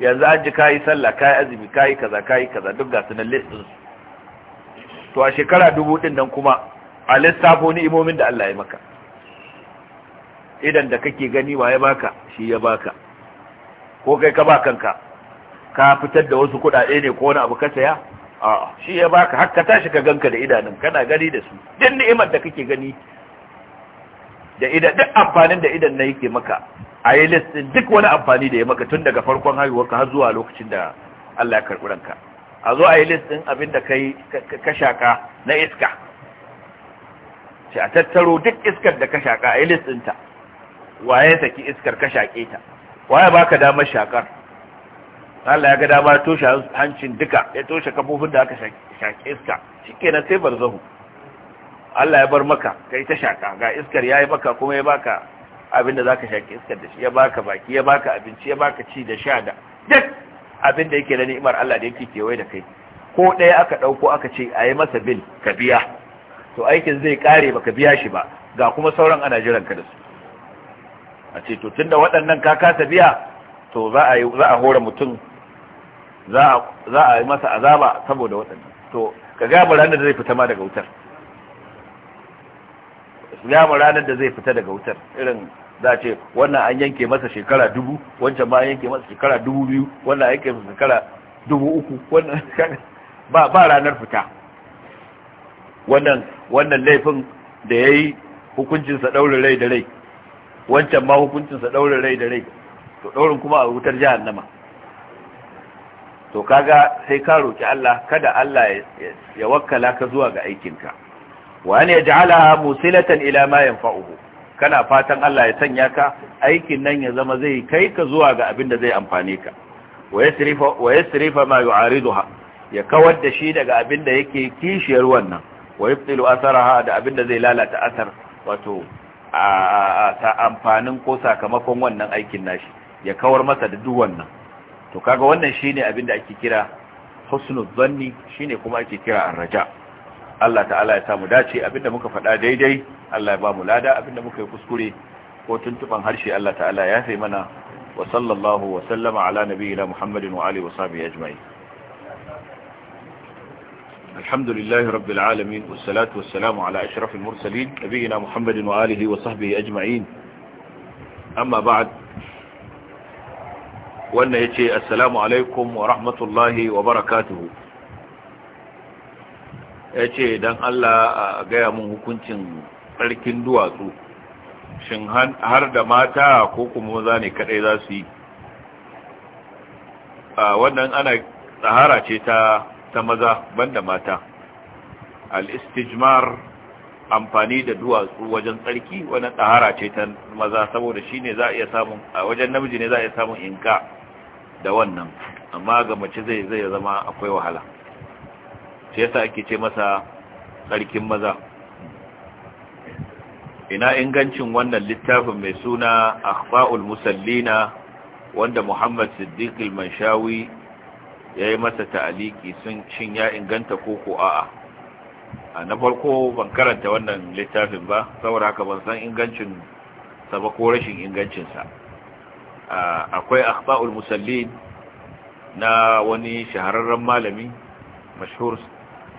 yanzu an ji kayi sallah kayi azumi kayi kaza kayi kaza duk ga sunan listin to a shekara dubu din nan kuma a lissafo ni imomin da Allah ya maka idan da kake gani wa ya baka shi ya baka ko kai ka ba kanka ka fitar da wasu kuɗaɗe ne ko wani abu ka saya a shi ya baka har ka tashi ka ganka da idanun kana gani da su duk ni'imar da kake gani da idan duk amfanin da idan na yake maka a yi listin duk wani amfani da ya maka tun daga farkon haihuwarka har zuwa lokacin da Allah ya karɓi ranka a zo a yi listin abin da kai ka shaka na iska sai a tattaro duk iskar da ka shaka a yi listin ta waye saki iskar ka shake ta waye baka damar shakar Allah ya ga dama toshe hancin duka ya toshe kafofin da aka shake iska shikenan sai barzahu Allah ya bar maka kai ta shaka ga iskar yayi maka kuma ya baka abinda zaka shaki iskar da shi ya baka baki ya baka abinci ya baka ci da sha da duk abinda yake da ni'imar Allah da yake kewaye da kai ko ɗaya aka ɗauko aka ce a yi masa bil ka biya to aikin zai kare baka biya shi ba ga kuma sauran ana jiran ka da su a ce to tunda waɗannan ka kasa biya to za a yi za a hora mutum za a yi masa azaba saboda waɗannan to ka mu ranar da zai fita ma daga wutar ya mu ranar da zai fita daga wutar irin za ce wannan an yanke masa shekara dubu wancan ma an yanke masa shekara dubu biyu wannan an yanke masa shekara dubu uku wannan [laughs] ba ranar fita wannan laifin da ya yi hukuncinsa daurin rai da rai wancan ma hukuncinsa daurin rai da rai to daurin kuma a wutar jihar nama to kaga sai ka roki Allah kada Allah ya wakkala ka zuwa ga aikinka wa an yaj'alaha musilatan ila ma yanfa'uhu kana fatan Allah ya sanya ka aikin nan ya zama zai kai ka zuwa ga abin da zai amfane ka wa yasrifa wa yasrifa ma ya kawar da shi daga abin da yake kishiyar wannan wa yubtilu atharaha da abin da zai lalata asar wato a amfanin ko sakamakon wannan aikin nashi ya kawar masa da duk wannan to kaga wannan shine abin da ake kira husnul zanni shine kuma ake kira arraja Allah ta'ala ya samu dace abinda muka faɗa daidai Allah ya ba mu lada abinda muka yi kuskure ko tuntuban harshe Allah ta'ala ya sai mana wa sallallahu wa sallama ala nabiyina Muhammadin wa alihi wa sahbihi ajma'in alhamdulillahi rabbil alamin wassalatu wassalamu ala ashrafil mursalin nabiyina Muhammadin wa alihi wa sahbihi ajma'in amma ba'd wannan yace assalamu alaikum wa rahmatullahi wa barakatuhu ya ce don Allah a gaya mun hukuncin tsarkin duwatsu shin har da mata ko kuma maza ne kadai za su yi a wannan ana tsahara ce ta ta maza banda mata al’istijmar amfani da duwatsu wajen tsarki wani tsahara ce ta maza saboda ne za a iya samun a wajen namiji ne za a iya samun inka da wannan amma ga mace zai zai zama akwai wahala shi yasa ake ce masa sarkin maza ina ingancin wannan littafin mai suna akhfa'ul musallina wanda Muhammad Siddiq al-Manshawi yayi masa ta'aliki sun shin ya inganta koko a'a a na farko ban karanta wannan littafin ba saboda haka ban san ingancin sa ko rashin ingancin sa akwai akhfa'ul musallin na wani shahararren malami mashhur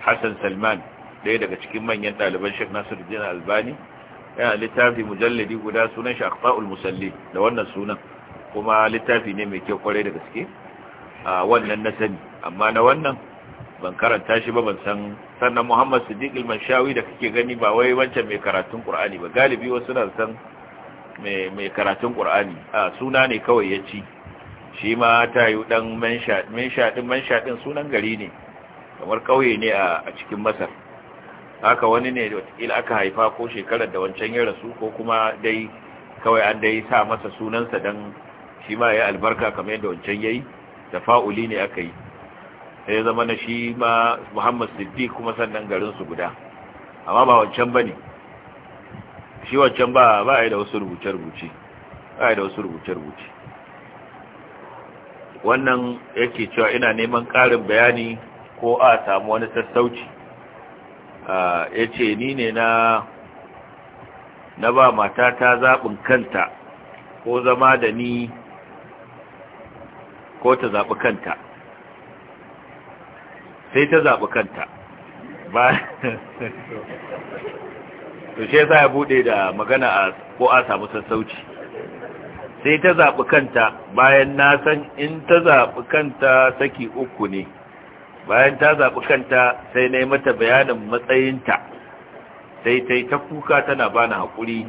hassan salman ɗaya daga cikin manyan ɗaliban shek nasiru jina albani yana littafi mujalladi guda sunan shi akfa'ul musalli da wannan sunan kuma littafi ne mai kyau kwarai da gaske a wannan na sani amma na wannan ban karanta shi ba ban san sannan muhammad siddiq ilmanshawi da kake gani ba wai wancan mai karatun qur'ani ba galibi wasu na san mai karatun qur'ani a suna ne kawai ya ci shi ma ta yi dan mansha din din sunan gari ne kamar ƙauye ne a cikin masar haka wani ne watakila aka haifa ko shekarar da wancan ya rasu ko kuma dai kawai an dai sa masa sunansa don shi ma ya albarka kamar yadda wancan ya yi Da fa'uli ne aka yi sai ya zama na shi ma Muhammadu siddiq kuma sannan garinsu guda amma ba wancan ba ne shi wancan ba ba a yi da wasu rubuce-rubuce ba a yi da wasu rubuce-rubuce wannan yake cewa ina neman ƙarin bayani ko a samu wani sassauci ya ce ni ne na na ba matata zaɓin kanta ko zama da ni ko ta zaɓi kanta sai ta zaɓi kanta ba [laughs] to shi ya buɗe da magana ko a samu sassauci sai ta zaɓi kanta bayan na san in ta zaɓi kanta saki uku ne bayan ta zaɓi kanta sai na yi mata bayanin matsayinta sai ta yi ta kuka tana ba na haƙuri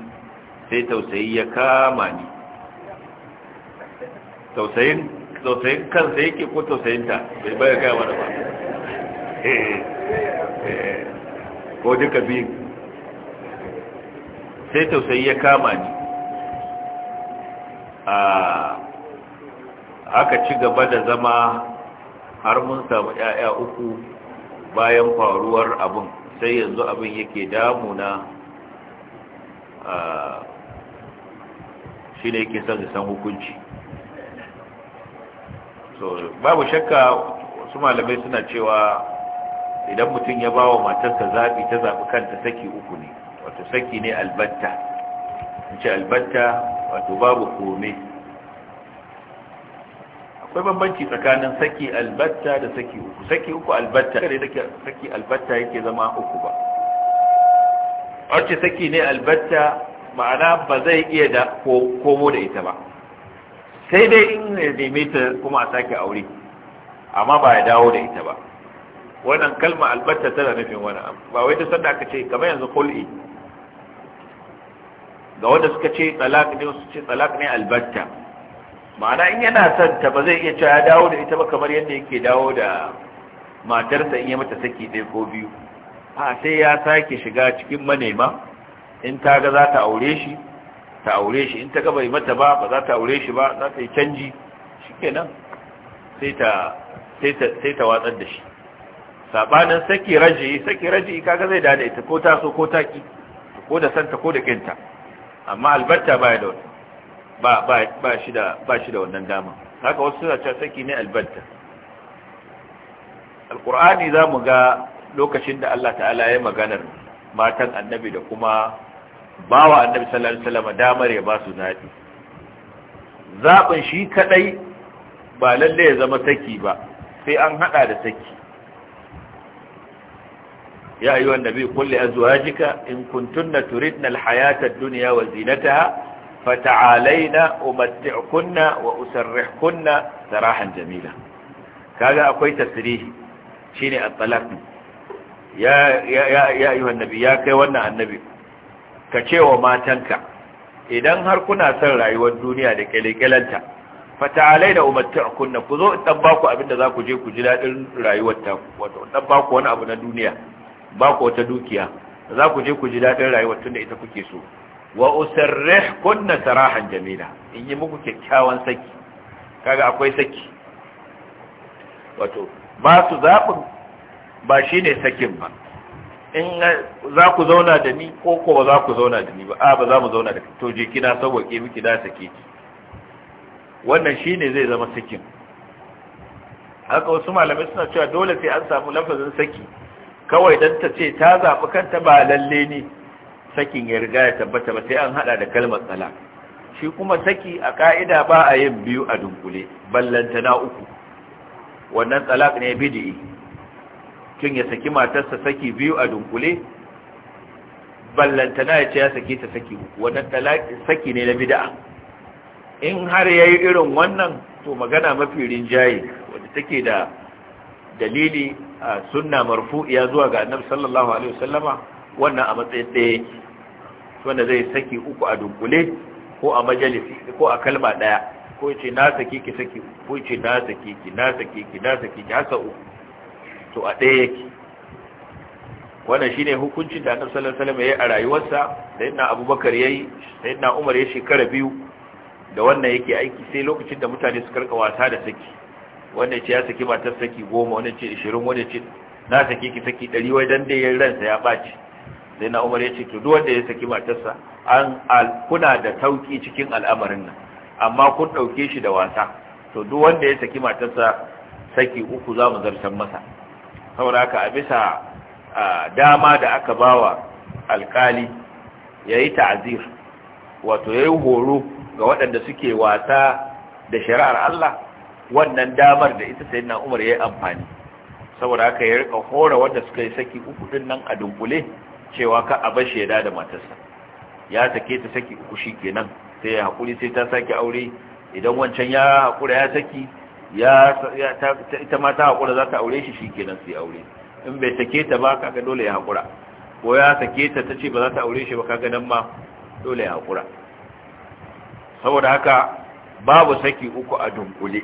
sai tausayi ya kama ni tausayin kansa yake ko tausayinta bai baya gaya mana ba ko duka biyu sai tausayi ya kama ni a ah, aka ci gaba da zama har mun samu ‘ya'ya uku bayan faruwar abin sai yanzu abin yake damuna a shi ne yake son san hukunci so babu shakka su malamai suna cewa idan mutum ya ba wa matarsa zaɓi ta zaɓi kanta saki uku ne wato saki ne albatta ce albatta wato babu kome akwai bambanci tsakanin saki albatta da saki uku saki uku albatta kare da saki albatta yake zama uku ba wacce saki ne albatta ma'ana ba zai iya da komo da ita ba sai dai in ya neme ta kuma a sake aure amma ba ya dawo da ita ba wannan kalma albatta tana nufin wani ba wai ta sanda aka ce kamar yanzu kul'i ga wanda suka ce talak ne su ce talak ne albatta ma'ana in yana son ta ba zai iya cewa ya dawo da ita ba kamar yadda yake dawo da matarsa in ya mata saki ɗaya ko biyu a sai ya sake shiga cikin manema in ta ga za ta aure shi ta aure shi in ta gaba yi mata ba ba za ta aure shi ba za ta yi canji shi sai sai ta watsar da shi sabanin saki raji saki raji kaga zai da ita ko ta so ko ta ki ko da santa ko da kinta amma albatta baya da wani ba shi da wannan dama haka wasu suna cewa saki ne albatta za mu ga lokacin da Allah ta'ala ya maganar matan annabi da kuma bawa annabi sallallahu alaihi wasallam damar ya ba su zabi zaɓin shi kaɗai ba lalle ya zama saki ba sai an haɗa da saki ya yi wanda kulle a jika, in kuntunna turidna alhayata duniya wa zinataha fata'alaina umatti'kunna wa usarrihkunna sarahan jamila kaga akwai tasrihi shine at-talaq ya ya ya ayyuhan nabi ya kai wannan annabi ka cewa matanka idan har kuna son rayuwar duniya da kelekelanta fata'alaina umatti'kunna ku zo in dan baku abinda za ku je ku ji dadin rayuwar ta wato dan wani abu na duniya baku wata dukiya za ku je ku ji dadin rayuwar tunda ita kuke so wa usarrih kunna sarahan jamila in yi muku kyakkyawan saki kaga akwai saki wato ba su zaɓin ba shi ne sakin ba in za ku zauna da ni ko ko ba za ku zauna da ni ba a ba za mu zauna da to je kina sauwaƙe miki da sake ki wannan shi ne zai zama sakin haka wasu malamai suna cewa dole sai an samu lafazin saki kawai don ta ce ta zaɓi kanta ba lalle ne sakin ya riga ya tabbata ba sai an hada da kalmar tsala. shi kuma saki a ka'ida ba a yin biyu a dunkule ballanta na uku wannan talaq ne bid'i kin ya saki matarsa saki biyu a dunkule ballanta na ya ce ya saki ta saki wannan talaq saki ne na bid'a in har yayi irin wannan to magana mafi rinjaye wanda take da dalili a sunna ya zuwa ga annabi sallallahu alaihi wasallama wannan a matsayin ɗaya wanda zai saki uku a dunkule ko a majalisi ko a kalma ɗaya ko ce na saki ki saki ko ce na saki ki na saki ki na saki ki haka uku to a ɗaya yake wannan shine hukuncin da annabi sallallahu alaihi wasallam yi a rayuwarsa da yana abubakar yayi da yana umar ya shekara biyu da wannan yake aiki sai lokacin da mutane su karka wasa da saki wannan ce ya saki matar saki goma wannan ce 20 wannan ce na saki ki saki 100 wai dan dai ransa ya baci sai na umar ya ce to duk wanda ya saki matarsa an kuna da tauki cikin al'amarin nan amma kun dauke shi da wasa to duk wanda ya saki matarsa saki uku za mu zartar masa saboda haka a bisa dama da aka bawa alkali yayi ta'zir wato yayi horo ga waɗanda suke wasa da shari'ar Allah wannan damar da ita sayyidina Umar yi amfani saboda haka ya rika hora wanda suka yi saki uku din nan a dunkule cewa ka a bashi ya da matarsa ya sake ta saki uku shikenan, kenan sai ya hakuri sai ta sake aure idan wancan ya haƙura ya saki ya ita ma ta haƙura za ta aure shi shi kenan sai aure in bai sake ta ba kaga dole ya haƙura ko ya sake ta ta ce ba za ta aure shi ba kaga nan ma dole ya haƙura saboda haka babu saki uku a dunkule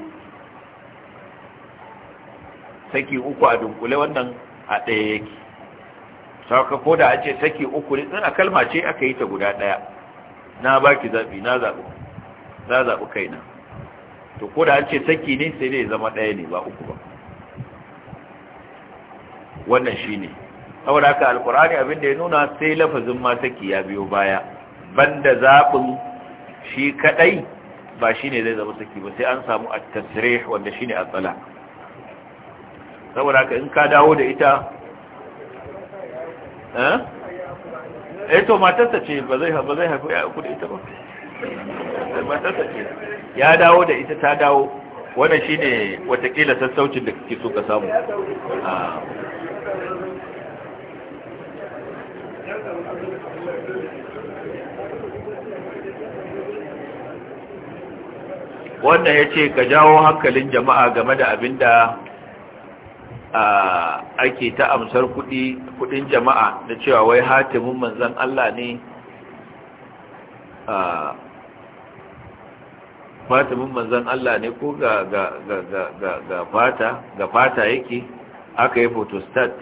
saki uku a dunkule wannan a ɗaya yake sauka ko da an ce saki uku ne in a kalma ce aka yi ta guda ɗaya na baki zaɓi na zaɓi za zaɓi kaina to ko da an ce saki ne sai dai zama ɗaya ne ba uku ba wannan shi ne saboda haka alkurani abin da ya nuna sai lafazin ma saki ya biyo baya banda zaɓin shi kaɗai ba shi ne zai zama saki ba sai an samu a tasirih wanda shi ne a tsala saboda haka in ka dawo da ita Eh? eh to matarsa ce ba zai ba zai ya ita ba matarsa ce ya dawo da ita ta dawo wannan shine watakila sassaucin da kake so ka samu wannan ya ce ka jawo hankalin jama'a game da abinda ake ta amsar kudin jama'a da cewa wai hatimin manzan Allah ne fatimin manzan Allah ne ko ga fata ga fata yake aka yi photostat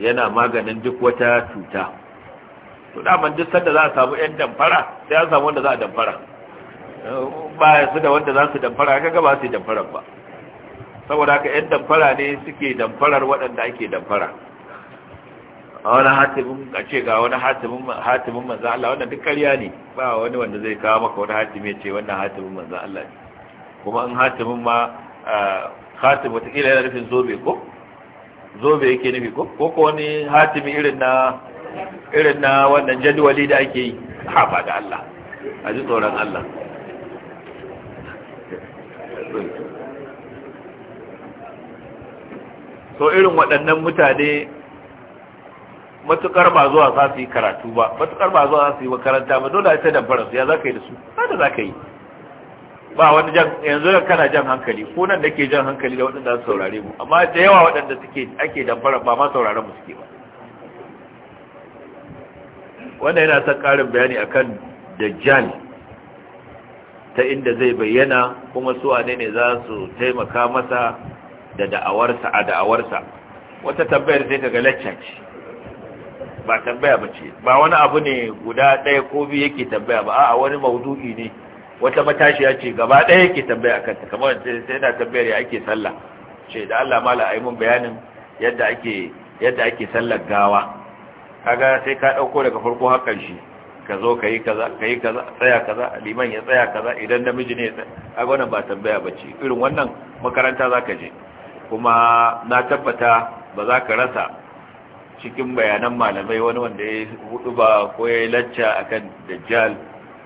yana maganin duk wata cuta to daman duk sanda za a samu 'yan damfara sai an samu wanda za a damfara ba su da wanda za su damfara kaga ba su damfara ba saboda haka yan damfara ne suke damfarar waɗanda ake damfara a wani hatimin a ce ga wani hatimin manzan Allah wannan duk karya ne ba wani wanda zai kawo maka wani hatimi ce wannan hatimin manzan Allah ne kuma in hatimin ma hatim watakila yana nufin zobe ko zobe yake nufi ko ko wani hatimi irin na irin na wannan jadwali da ake yi hafa da Allah a ji tsoron Allah to irin waɗannan mutane matukar ba zuwa za su yi karatu ba matukar ba zuwa za su yi makaranta ba dole ta damfara su ya za ka yi da su ba za ka yi ba wani jan yanzu da kana jan hankali ko nan da ke jan hankali da waɗanda su saurare mu amma da yawa waɗanda suke ake damfara ba ma sauraren mu suke ba wanda yana son ƙarin bayani akan dajjal ta inda zai bayyana kuma su ne za su taimaka masa da da'awarsa a da'awarsa wata tambayar sai kaga laccan ce ba tambaya ba ce ba wani abu ne guda ɗaya ko biyu yake tambaya ba a'a wani maudu'i ne wata matashiya ce gaba ɗaya yake tambaya akan ta kamar sai na tambayar ya ake sallah ce da Allah mala ayi mun bayanin yadda ake yadda ake sallar gawa kaga sai ka dauko daga farko har ƙarshe ka zo ka yi kaza ka yi kaza tsaya kaza liman ya tsaya kaza idan namiji ne ya tsaya kaga wannan ba tambaya ce irin wannan makaranta zaka je kuma na tabbata ba za ka rasa cikin bayanan malamai wani wanda ya hudu ba ko ya yi lacca akan dajjal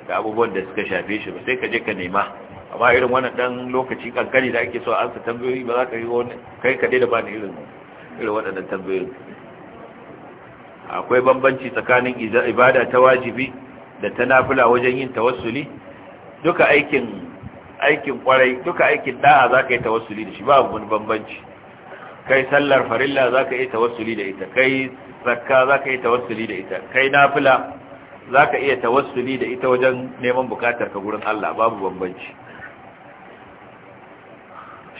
da abubuwan da suka shafe shi ba sai ka je ka nema amma irin wannan dan lokaci kankani da ake so an sa tambayoyi ba za ka yi wani kai ka da ba ni irin irin waɗannan tambayoyin akwai bambanci tsakanin ibada ta wajibi da ta nafila wajen yin tawassuli duka aikin aikin kwarai duka aikin da'a za ka yi tawassuli da shi ba abu bambanci kai sallar farilla za ka yi tawassuli da ita kai zakka za ka yi tawassuli da ita kai nafila za ka iya tawassuli da ita wajen neman bukatar ka gurin Allah babu bambanci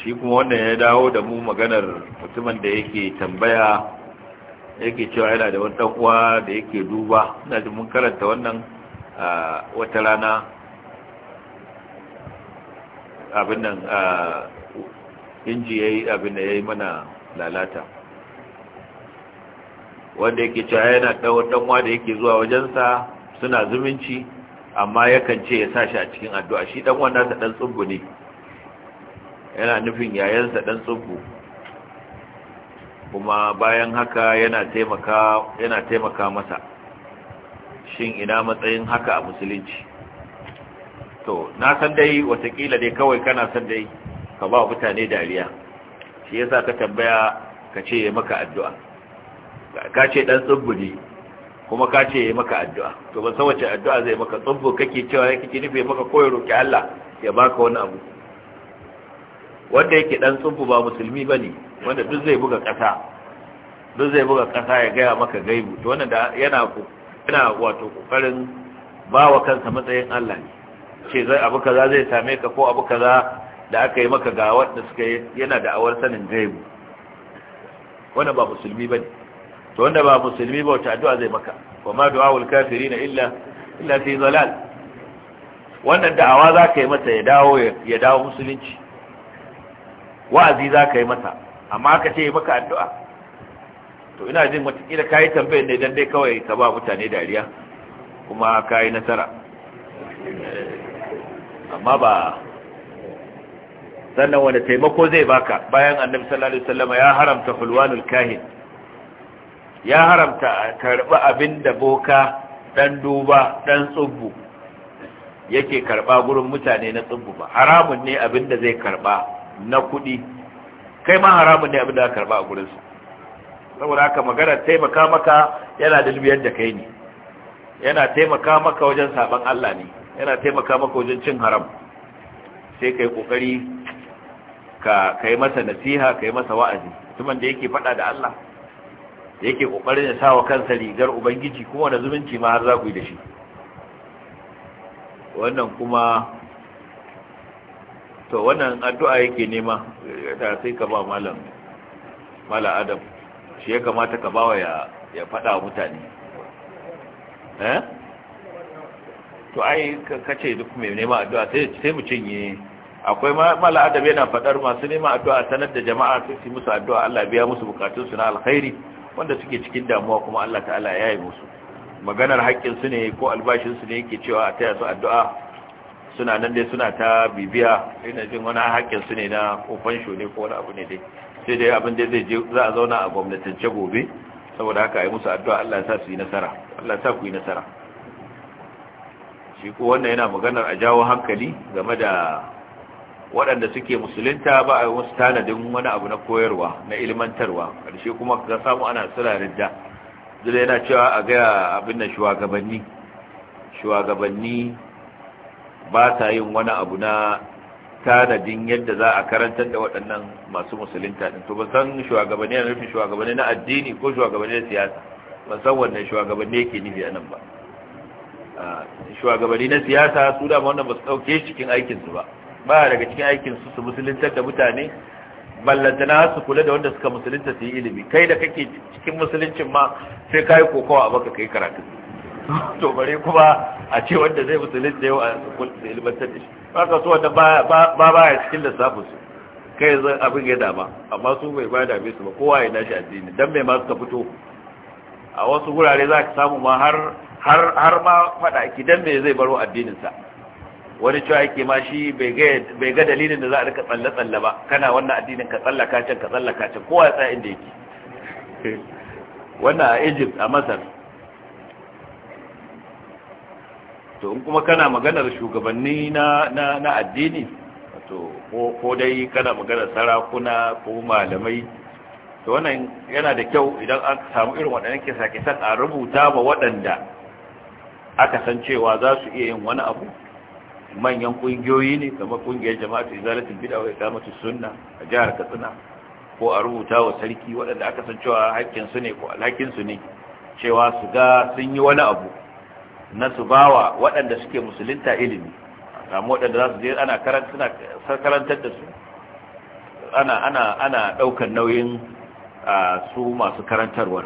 shi kuma wannan ya dawo da mu maganar mutumin da yake tambaya yake cewa yana da wani uwa da yake duba ina jin mun karanta wannan ah, wata rana abin nan inji ya yi abin da ya yi mana lalata wanda yake cewa yana ɗanwa da yake zuwa wajensa suna zumunci amma yakan ce ya sa shi a cikin addu'a shi na nasa ɗan tsubbu ne yana nufin yayansa ɗan tsubbu kuma bayan haka yana taimaka masa shin ina matsayin haka a musulunci to na san dai watakila dai kawai kana san dai ka ba mutane dariya shi yasa ka tambaya ka ce ya maka addu'a ka ce dan tsubbu ne kuma ka ce ya maka addu'a to ban san wace addu'a zai maka tsubbu kake cewa yake ki nufi maka ko ya roki Allah ya baka wani abu wanda yake dan tsubbu ba musulmi bane wanda duk zai buga kasa duk zai buga kasa ya gaya maka gaibu to wannan da yana yana wato kokarin ba wa kansa matsayin Allah ne ce zai abu kaza zai same ka ko abu kaza da aka yi maka ga wanda suka yi yana da awar sanin gaibu wanda ba musulmi bane to wanda ba musulmi ba wata addu'a zai maka wa ma du'aul kafirin illa illa fi zalal wannan da'awa za ka yi masa ya dawo ya dawo musulunci wa'azi za ka yi masa amma ka ce maka addu'a to ina jin watakila ka yi tambayar ne don dai kawai ka ba mutane dariya kuma ka yi nasara amma ba sannan wanda taimako zai baka bayan annabi sallallahu alaihi wasallam ya haramta hulwanul kahin ya haramta karba abinda boka dan duba dan tsubbu yake karba gurin mutane na tsubbu ba haramun ne abin da zai karba na kudi kai ma haramun ne da ka karba a gurin su saboda haka magana taimaka maka yana dalbiyar da kai ne yana taimaka maka wajen saban Allah ne yana taimaka maka wajen cin haram sai kai kokari ka kai masa nasiha kai masa wa'azi mutumin da yake fada da Allah yake kokarin ya sawa kansa rigar ubangiji kuma da zumunci ma har za ku yi da shi wannan kuma to wannan addu'a yake nema da sai ka ba malam adam shi ya kamata ka bawa ya ya fada mutane eh to ai ce duk mai neman addu'a sai mu cinye akwai mala adab yana fadar masu neman addu'a sanar da jama'a su yi musu addu'a Allah biya musu bukatun su na alkhairi wanda suke cikin damuwa kuma Allah ta'ala ya yi musu maganar haƙƙin su ne ko albashin su ne yake cewa a taya su addu'a suna nan dai suna ta bibiya ina jin wani haƙƙin su ne na kofan sho ne ko wani abu ne dai sai dai abin da zai je za a zauna a gwamnatance gobe saboda haka yi musu addu'a Allah ya sa su yi nasara Allah ya sa ku yi nasara shi ko wannan yana maganar a jawo hankali game da waɗanda suke musulunta ba a wasu tanadin wani abu na koyarwa na ilmantarwa ƙarshe kuma ka samu ana sura ridda zai yana cewa a gaya abin na shugabanni shugabanni ba ta yin wani abu na tanadin yadda za a karantar da waɗannan masu musulunta ɗin to ban san shugabanni na nufin shugabanni na addini ko shugabanni na siyasa ban san wannan shugabanni yake nufi a nan ba shugabanni na siyasa su da wannan ba su ɗauke cikin aikinsu ba ba daga cikin aikinsu su musuluntar da mutane ballantana su kula da wanda suka musulunta su yi ilimi kai da kake cikin musuluncin ma sai ka yi kokawa a baka kai karatu to bare kuma a ce wanda zai musulunta yau a ilmantar da shi ba ka so wanda ba ba ya cikin lissafin su kai zan abin ya dama amma su bai ba dame su ba kowa ya nashi addini dan mai ma suka fito a wasu wurare za ka samu ma har har har ma fada ki dan me zai baro addinin sa wani cewa yake ma shi bai ga dalilin da za a rika tsalle tsalle ba kana wannan addinin ka tsallaka can ka tsallaka can kowa ya tsaya inda yake wannan a Egypt a Masar to in kuma kana maganar shugabanni na na na addini ko dai kana maganar sarakuna ko malamai to wannan yana da kyau idan an samu irin waɗannan kisa-kisan a rubuta ma waɗanda aka san cewa za su iya yin wani abu manyan kungiyoyi ne kamar kungiyar jama'atu bidawa ya kama iqamatus sunna a jihar Katsina ko a rubuta wa sarki waɗanda aka san cewa hakkin su ne ko alhakin su ne cewa su ga sun yi wani abu na su bawa waɗanda suke musulunta ilimi samu waɗanda za su je ana karantar da su ana ana ana ɗaukar nauyin su masu karantarwar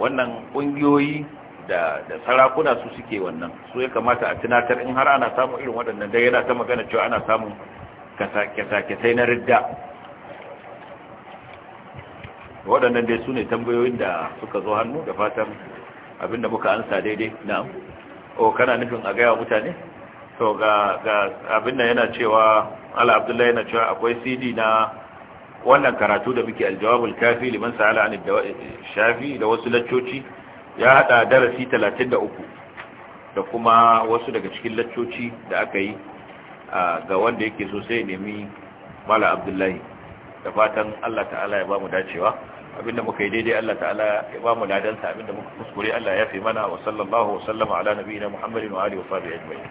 wannan ƙungiyoyi da da sarakuna su suke wannan su ya kamata a tunatar in har ana samu irin waɗannan dai yana ta magana cewa ana samun kasa-kasai na ridda waɗannan dai su ne tambayoyin da suka zo hannu da fatan abinda muka ansa daidai na o kana nufin a gaya mutane to ga abinda yana cewa ala abdullahi yana cewa akwai cd na wannan karatu da muke aljawabul kafi liman sa'ala an dawa'i shafi da wasu laccoci ya hada darasi 33 da kuma wasu daga cikin laccoci da aka yi ga wanda yake so sai nemi mala abdullahi da fatan Allah ta'ala ya ba mu dacewa abinda muka yi daidai Allah ta'ala ya ba mu ladansa abinda muka kuskure Allah ya fi mana wa sallallahu wa sallama ala nabiyina Muhammadin wa alihi wa sahbihi ajma'in